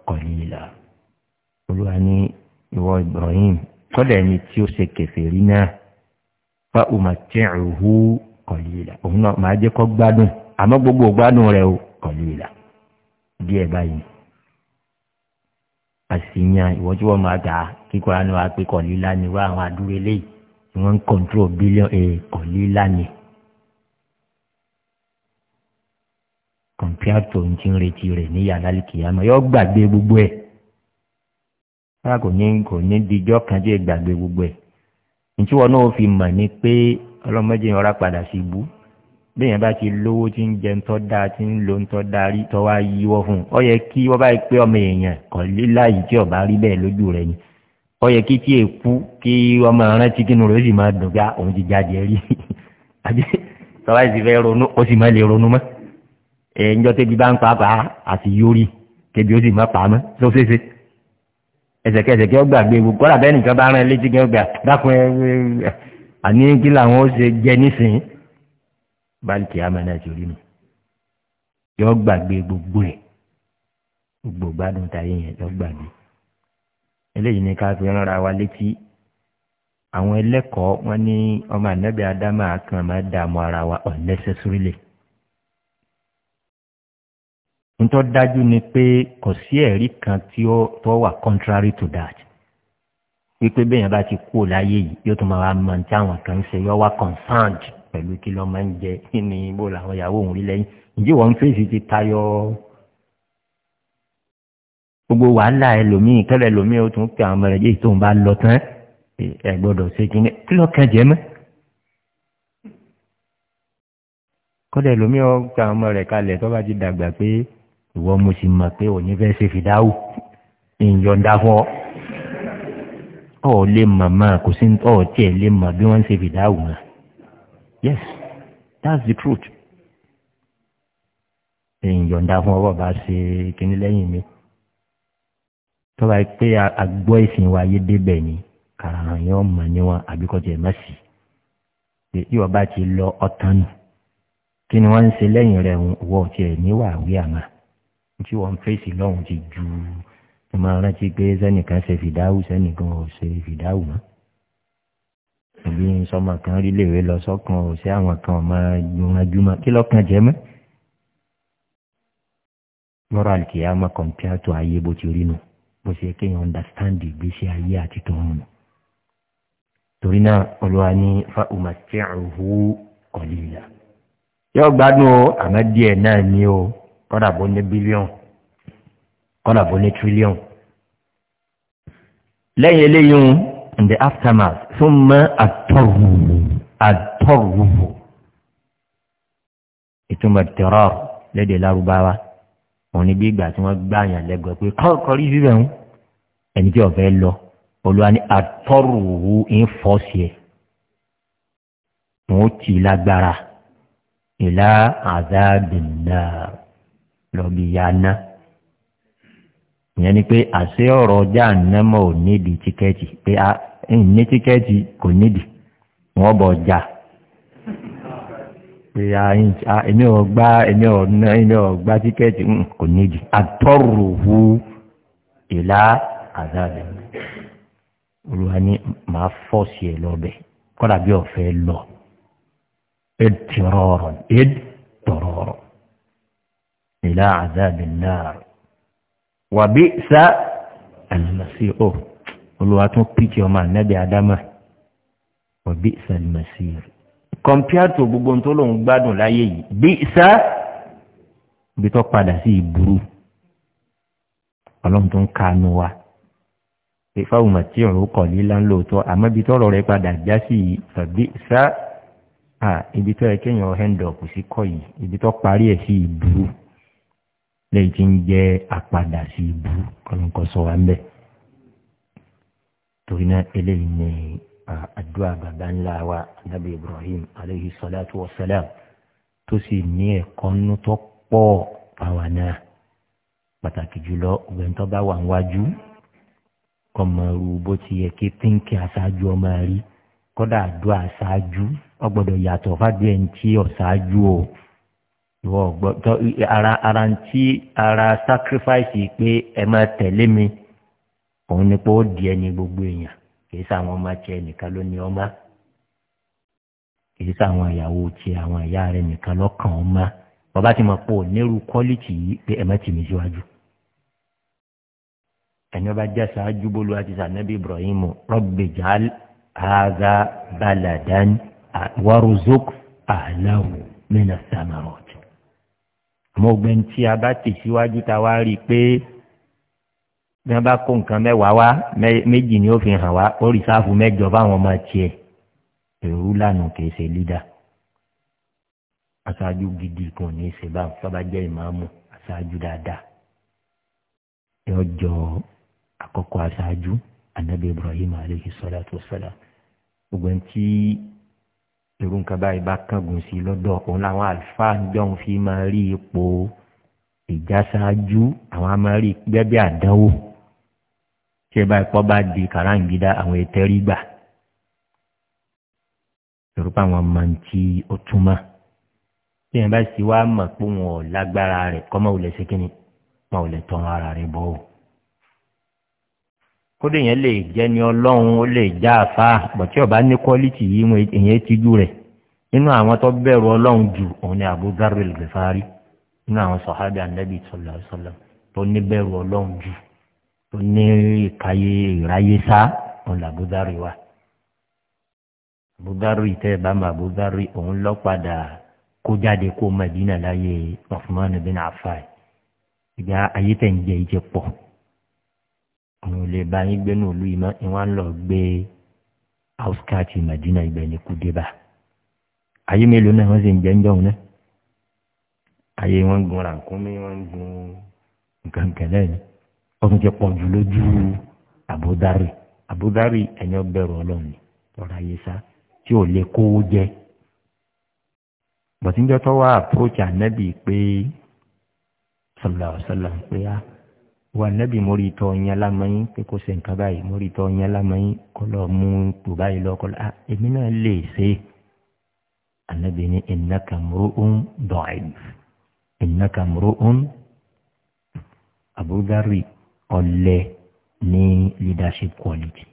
kọ̀lílá olúwa ní ìwọ ibrahim kọ́dà ni tí ó ṣe kẹfẹ́rí náà fa umatiruhu kọ̀lílá òun náà máa jẹ́ kọ́ gbádùn àmọ́ gbogbo gbádùn rẹ̀ kọ̀lílá díẹ̀ báyìí àṣìyàn ìwọ́n tí wọ́n máa dà á kíkọ́ àánú wa pé kọ̀lílá ni wọ́n àwọn àdúrà eléyìí ni wọ́n ń kọ̀ǹtró bílíọ̀n ẹ̀ kọ̀lílá ni. kọ̀ǹpútà ń ti ń retí rẹ̀ ní yàrá kìyàmọ́ yọ gbàgbé gbogbo ẹ̀ rárá kò ní kò ní dijọ́ kan tí ẹ gbàgbé gbogbo ẹ̀ nítorí wọn náà fi mọ̀ ni pé ọlọ́mọdé yẹn ọ̀rá padà sí ibú bẹ́ẹ̀ bá ti lówó tí ń jẹ ńtọ́ da tí ń lo ńtọ́ da rí tọ́ wá yíwọ́ fún un ọ yẹ kí wọ́n bá pé ọmọ èèyàn kọ̀ líláyìí tí ọba rí bẹ́ẹ̀ lójú rẹ̀ ni ọ yẹ kí tí èkú kí ọmọ rántí kínú rẹ̀ ó sì máa dùn bá ah, òun ti jáde rí àbí tọ́wá sì fẹ́ ronú ó sì máa lè ronú mọ́ ẹ̀ ńjọ́ tẹ́bi bá ń pa pa àti yórí tẹ́bi ó sì máa pa mọ́ tó ṣeéṣe ẹsẹ̀kẹsẹ̀ kí ó gbàgbé gbogbo kọ́lá bẹ́ẹ̀ nìkan gbà dákun ẹ báàlìkì amẹ́nà ti rí nu yọ gbàgbé gbogbo ẹ̀ gbogbo gbádùn táyé yẹn yọ gbàgbé eléyìí ni ká fi rán ra wa létí àwọn ẹlẹ́kọ̀ọ́ wọn ní ọmọ ànábì ádámà kan máa dààmú ara wa unnecessarily ntọ́ dájú ni pé kò sí ẹ̀rí kan tí ó tọ́ wà contrary to that wípé bẹ́ẹ̀ yẹn bá ti kú láyé yìí yóò tún máa wá mọ̀ ní tí kan ń ṣe yọ wá concerned pẹ̀lú kí lọ́ máa ń jẹ kí ni bó làwọn ìyàwó òun rí lẹ́yìn ǹjẹ́ wọ́n ń fèsì ti tayọ gbogbo wàhálà ẹlòmíì kẹlẹ ẹlòmíì ó tún pè àwọn ọmọ rẹ yìí tó ń bá lọ tán ẹ gbọ́dọ̀ ṣe kí ni kí lọ kàn jẹ kọ́dà ẹlòmíì ó pè àwọn ọmọ rẹ kalẹ̀ tó bá ti dàgbà pé ìwọ mo sì mọ̀ pé òní fẹ́ ṣe fìdáwù ìyọ̀ǹda ọ̀ lè mọ̀ mọ́ kò sí ọ̀ tiẹ̀ lè mọ̀ bí wọ́n ń ṣe fìdáwù náà yes that's the truth. èyàn yọ̀ǹda fún ọwọ́ bá ṣe kínní lẹ́yìn mi tọ́ba pé àgbọ̀ ìsìn wa yé débẹ̀ ni kàràhàn yóò mọ̀ níwọ̀n àbíkọ́jọ ẹ̀ má sí i tí ọba ti lọ ọ̀tán nù kí ni wọ́n ń ṣe lẹ́yìn rẹ̀ wọ tiẹ̀ níwà wí àmà tí wọ́n ń fèsì lọ́hùn ti ju ẹ̀ rántí pé sẹ́nìkan ṣe fìdáhù sẹ́nìkan ò ṣe fìdáhù mọ́ ìlú sọmọ kan rí lèwe lọ sọkàn ò sí àwọn kan ọmọ gbọmọgbọmọ kí lọkàn jẹ mọ. lọ́rọ̀ àlùkìyà máa kọ̀m̀pìà tó ayé bó ti rí nu bó ṣe kéèyàn understand ìgbésí ayé àti tòun nù. torí náà olúwa ní fáwọn màtíàhù kọ̀lìlà. yóò gbádùn o àmọ́ díẹ̀ náà ni o kọ́dà bó ní bílíọ̀n kọ́dà bó ní tírílíọ̀n. lẹ́yìn eléyìí in the aftermath thumma at-tarru at-tarru ìtumọ̀ tẹ̀rọ̀ lédè lárúbáwá òun ni bí ìgbà tí wọ́n gbá àyàn lẹ́gbẹ̀ẹ́ pé kọ́rí síbẹ̀ ń ẹni tí ọ̀fẹ́ lọ olúwa ní at ń fọ́ sí ẹ̀ wọ́n ti lágbára ìlà àzáàbìnà lọ́bìyàná ìyẹn ni pé àṣẹ ọ̀rọ̀ ọjà nẹ́mọ̀ ò nídìí tíkẹ́ẹ̀tì pé a ní tíkẹ́ẹ̀tì kò nídìí wọ́n bọ̀ ọjà pé a èmi ò gbá èmi ò ná èmi ò gbá tíkẹ́ẹ̀tì kò nídìí àtọ́rùhù ìlà àdáàbẹ̀ olùwà ni màá fọ́ọ̀sì ẹ̀ lọ́bẹ̀ kọ́dà bí ọ̀fẹ́ lọ ed tìrọ̀rọ̀ ed tọ̀rọ̀rọ̀ ìlà àdáàbẹ̀ náà wàbí sá àlùmọ̀sí ò olùwà tún pìkì ọmọ ànábì ádámà wàbí sá àlùmọ̀sí rẹ̀ kọ̀m̀pútà gbogbo tó lòún gbádùn láyé yìí bí sá ibi tó padà sí ìburú ọlọ́run tó ń kánú wa ìfáwọn màtí ọ̀rọ̀ kọ̀ líla ń lòótọ́ àmọ́ ibi tọ́rọ̀ rẹ̀ padà já sí yìí wàbí sá ibi tó yẹ kéèyàn ọ̀hẹ́ndọ̀ sí kọ́ yìí ibi tó parí ẹ̀ sí ìburú lẹ́yìn tí ń jẹ́ àpadà sí ibú kọ́nùkọ́ sọ wa ń bẹ̀. torí náà eléyìí ni àdúrà bàbá ńlá wa anábì ibrahim aleyhi salatu wa salam tó sì ní ẹ̀kọ́ nínú tó pọ̀ àwa náà pàtàkì jùlọ ọgbẹ́ni tó bá wà níwájú kọ́ mọ irú bó ti yẹ kí pínkì aṣáájú ọmọ rí kọ́dà àdúrà aṣáájú ọgbọ́dọ̀ yàtọ̀ fàdúrà ẹni tí ọ̀ṣáájú o ìwọ ọgbọ tọ ara ara ń tí ara sacrifice pé ẹ máa tẹ̀lé mi òun ni pé ó di ẹni gbogbo èèyàn kìí sáwọn ọmọ tiẹ̀ nìkan ló ní ọmọ kìí sáwọn ìyàwó tiẹ̀ àwọn ìyá rẹ̀ nìkan lọ́kàn ọmọ bàbá ti mọ̀ pé ò nírú quality yìí pé ẹ má tì mí síwájú ẹni ọba jẹ́ ṣáájú bólú àti sànẹ́bí ibrahim rọ́gbèjàl àgà baladan wàrúzọ́k àlàó mẹ́nà sàmàrọ̀ mọ̀gbẹ́ ní tí a bá tì síwájú ta wá rí i pé bí wọ́n bá kó nǹkan mẹ́wàá wá méjì ni ó fi hàn wá ó rí sáfù mẹ́jọ báwọn ọmọ tiẹ̀ èrú lànà kìí ṣe lídà aṣáájú gidi kò ní í ṣe báwọn tó bá jẹ́ ìmáàmù aṣáájú dáadáa yóò jọ àkọ́kọ́ aṣáájú anabi ibrahim aleyhi sọ́lá tó sọ́lá gbogbo ní tí irú nǹkan báyìí bá kángun sí lọ́dọ̀ òun làwọn àlùfáà ń jọun fi máa rí ipò ìjásáájú àwọn a gbẹ́bí àdánwò tí ẹ bá ipọ́ bá di kàráǹgídá àwọn ètẹ́rí gbà yorùbá àwọn máa ń tí ó túmọ̀ bí ẹ bá sì wá mọ̀ pé wọn ò lágbára rẹ̀ kọ́mọ̀ ò lè kínní wọn ò lè ara rẹ̀ bọ́ ò kódé yẹn lè jẹ́ ni ọlọ́run ó lè já àfa bọ̀tí ọba ní kọ́lítì yìí wọn èyàn tijú rẹ̀ nínú àwọn tó bẹ̀rù ọlọ́run jù òun ni abu garil gbèfari nínú àwọn sọ̀hábì anabi sọlá sọlá tó ní bẹ̀rù ọlọ́run jù tó ní ìkàyé ìráyé òun ni abu wa abu garil ẹ bá mọ abu òun lọ padà kó jáde kó madina láyé ọ̀fùnmánu bin afai ìgbà ayé tẹ̀ ń jẹ́ ìjẹ́ pọ̀ àwọn olè bá yín gbénu òlu yìí máa ń lọ gbé outskirt madina ibẹ̀ ní kudeba ayé mélòó náà wọ́n sì ń jẹ́ ń jọ̀hún náà ayé wọn gun rànkúnmí wọn gun nǹkan kẹlẹ́ ni wọ́n tún ti pọ̀ jù lójú àbúdárì àbúdárì ẹni ọbẹ̀rù ọlọ́run ni lọ́ra yé sá tí ò lè kówó jẹ́ bọ̀tíńjọ́ tó wá àpòròchì ànábì pé sọlá ọ̀sọ́lá ń pè á wà nẹ́bì mórí tọ́ yẹn lámọ́yín pé kò ṣe nǹkan báyìí mórí tọ́ yẹn lámọ́yín kọ́ lọ mú tó báyìí lọ kọ́ lọ ah èmi náà lè ṣe ànábì ní ìnáka múró ń dọ̀ẹ́ ìnáka múró ń àbúdárì leadership quality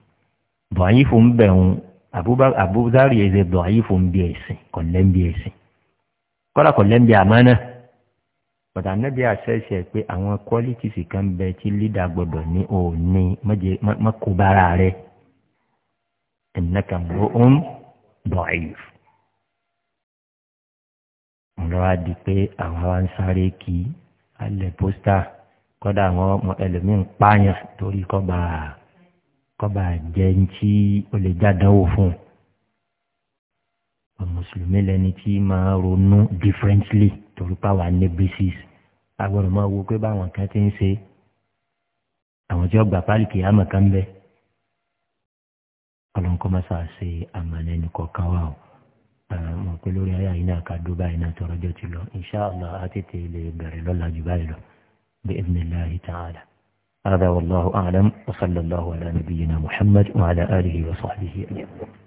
dọ̀ẹ́ fún bẹ̀rù àbúdárì ẹ̀ṣẹ̀ dọ̀ẹ́ fún bí ẹ̀sìn kọ̀lẹ́ bí ẹ̀sìn kọ́lá kọ̀lẹ́ bí bàtà nẹ́bí àṣẹṣẹ pé àwọn qualities kan bẹ tí leader gbọdọ̀ ní òní mọ́kòbára rẹ̀ ẹ̀nàkàmọ́ òun da'if. ọ̀rọ̀ á di pé àwọn wa ń sáré kí alẹ́ pósítà kọ́dà àwọn ọmọ ẹlòmíín pààyàn torí kọ́ba kọ́ba jẹ́ ń tí o lè jádánwò fún un. mùsùlùmí lẹni tí máa ronú differently torí pa wà ní basis agbọ́dọ̀ máa wo pé báwọn kan ti ń ṣe àwọn tí wọ́n gbà pálí kì í àmọ̀ kan bẹ́ẹ̀ ọlọ́nkọ́ máa ṣàṣe àmàlẹ́ nìkan kan wà o mo pe lórí ayé àyínà àkàdó báyìí náà tọrọ ti lọ inṣàlá á lè bẹ̀rẹ̀ lọ́la jù báyìí lọ bí ibnilahi ta'ala. هذا والله أعلم وصلى الله على نبينا محمد وعلى آله وصحبه أجمعين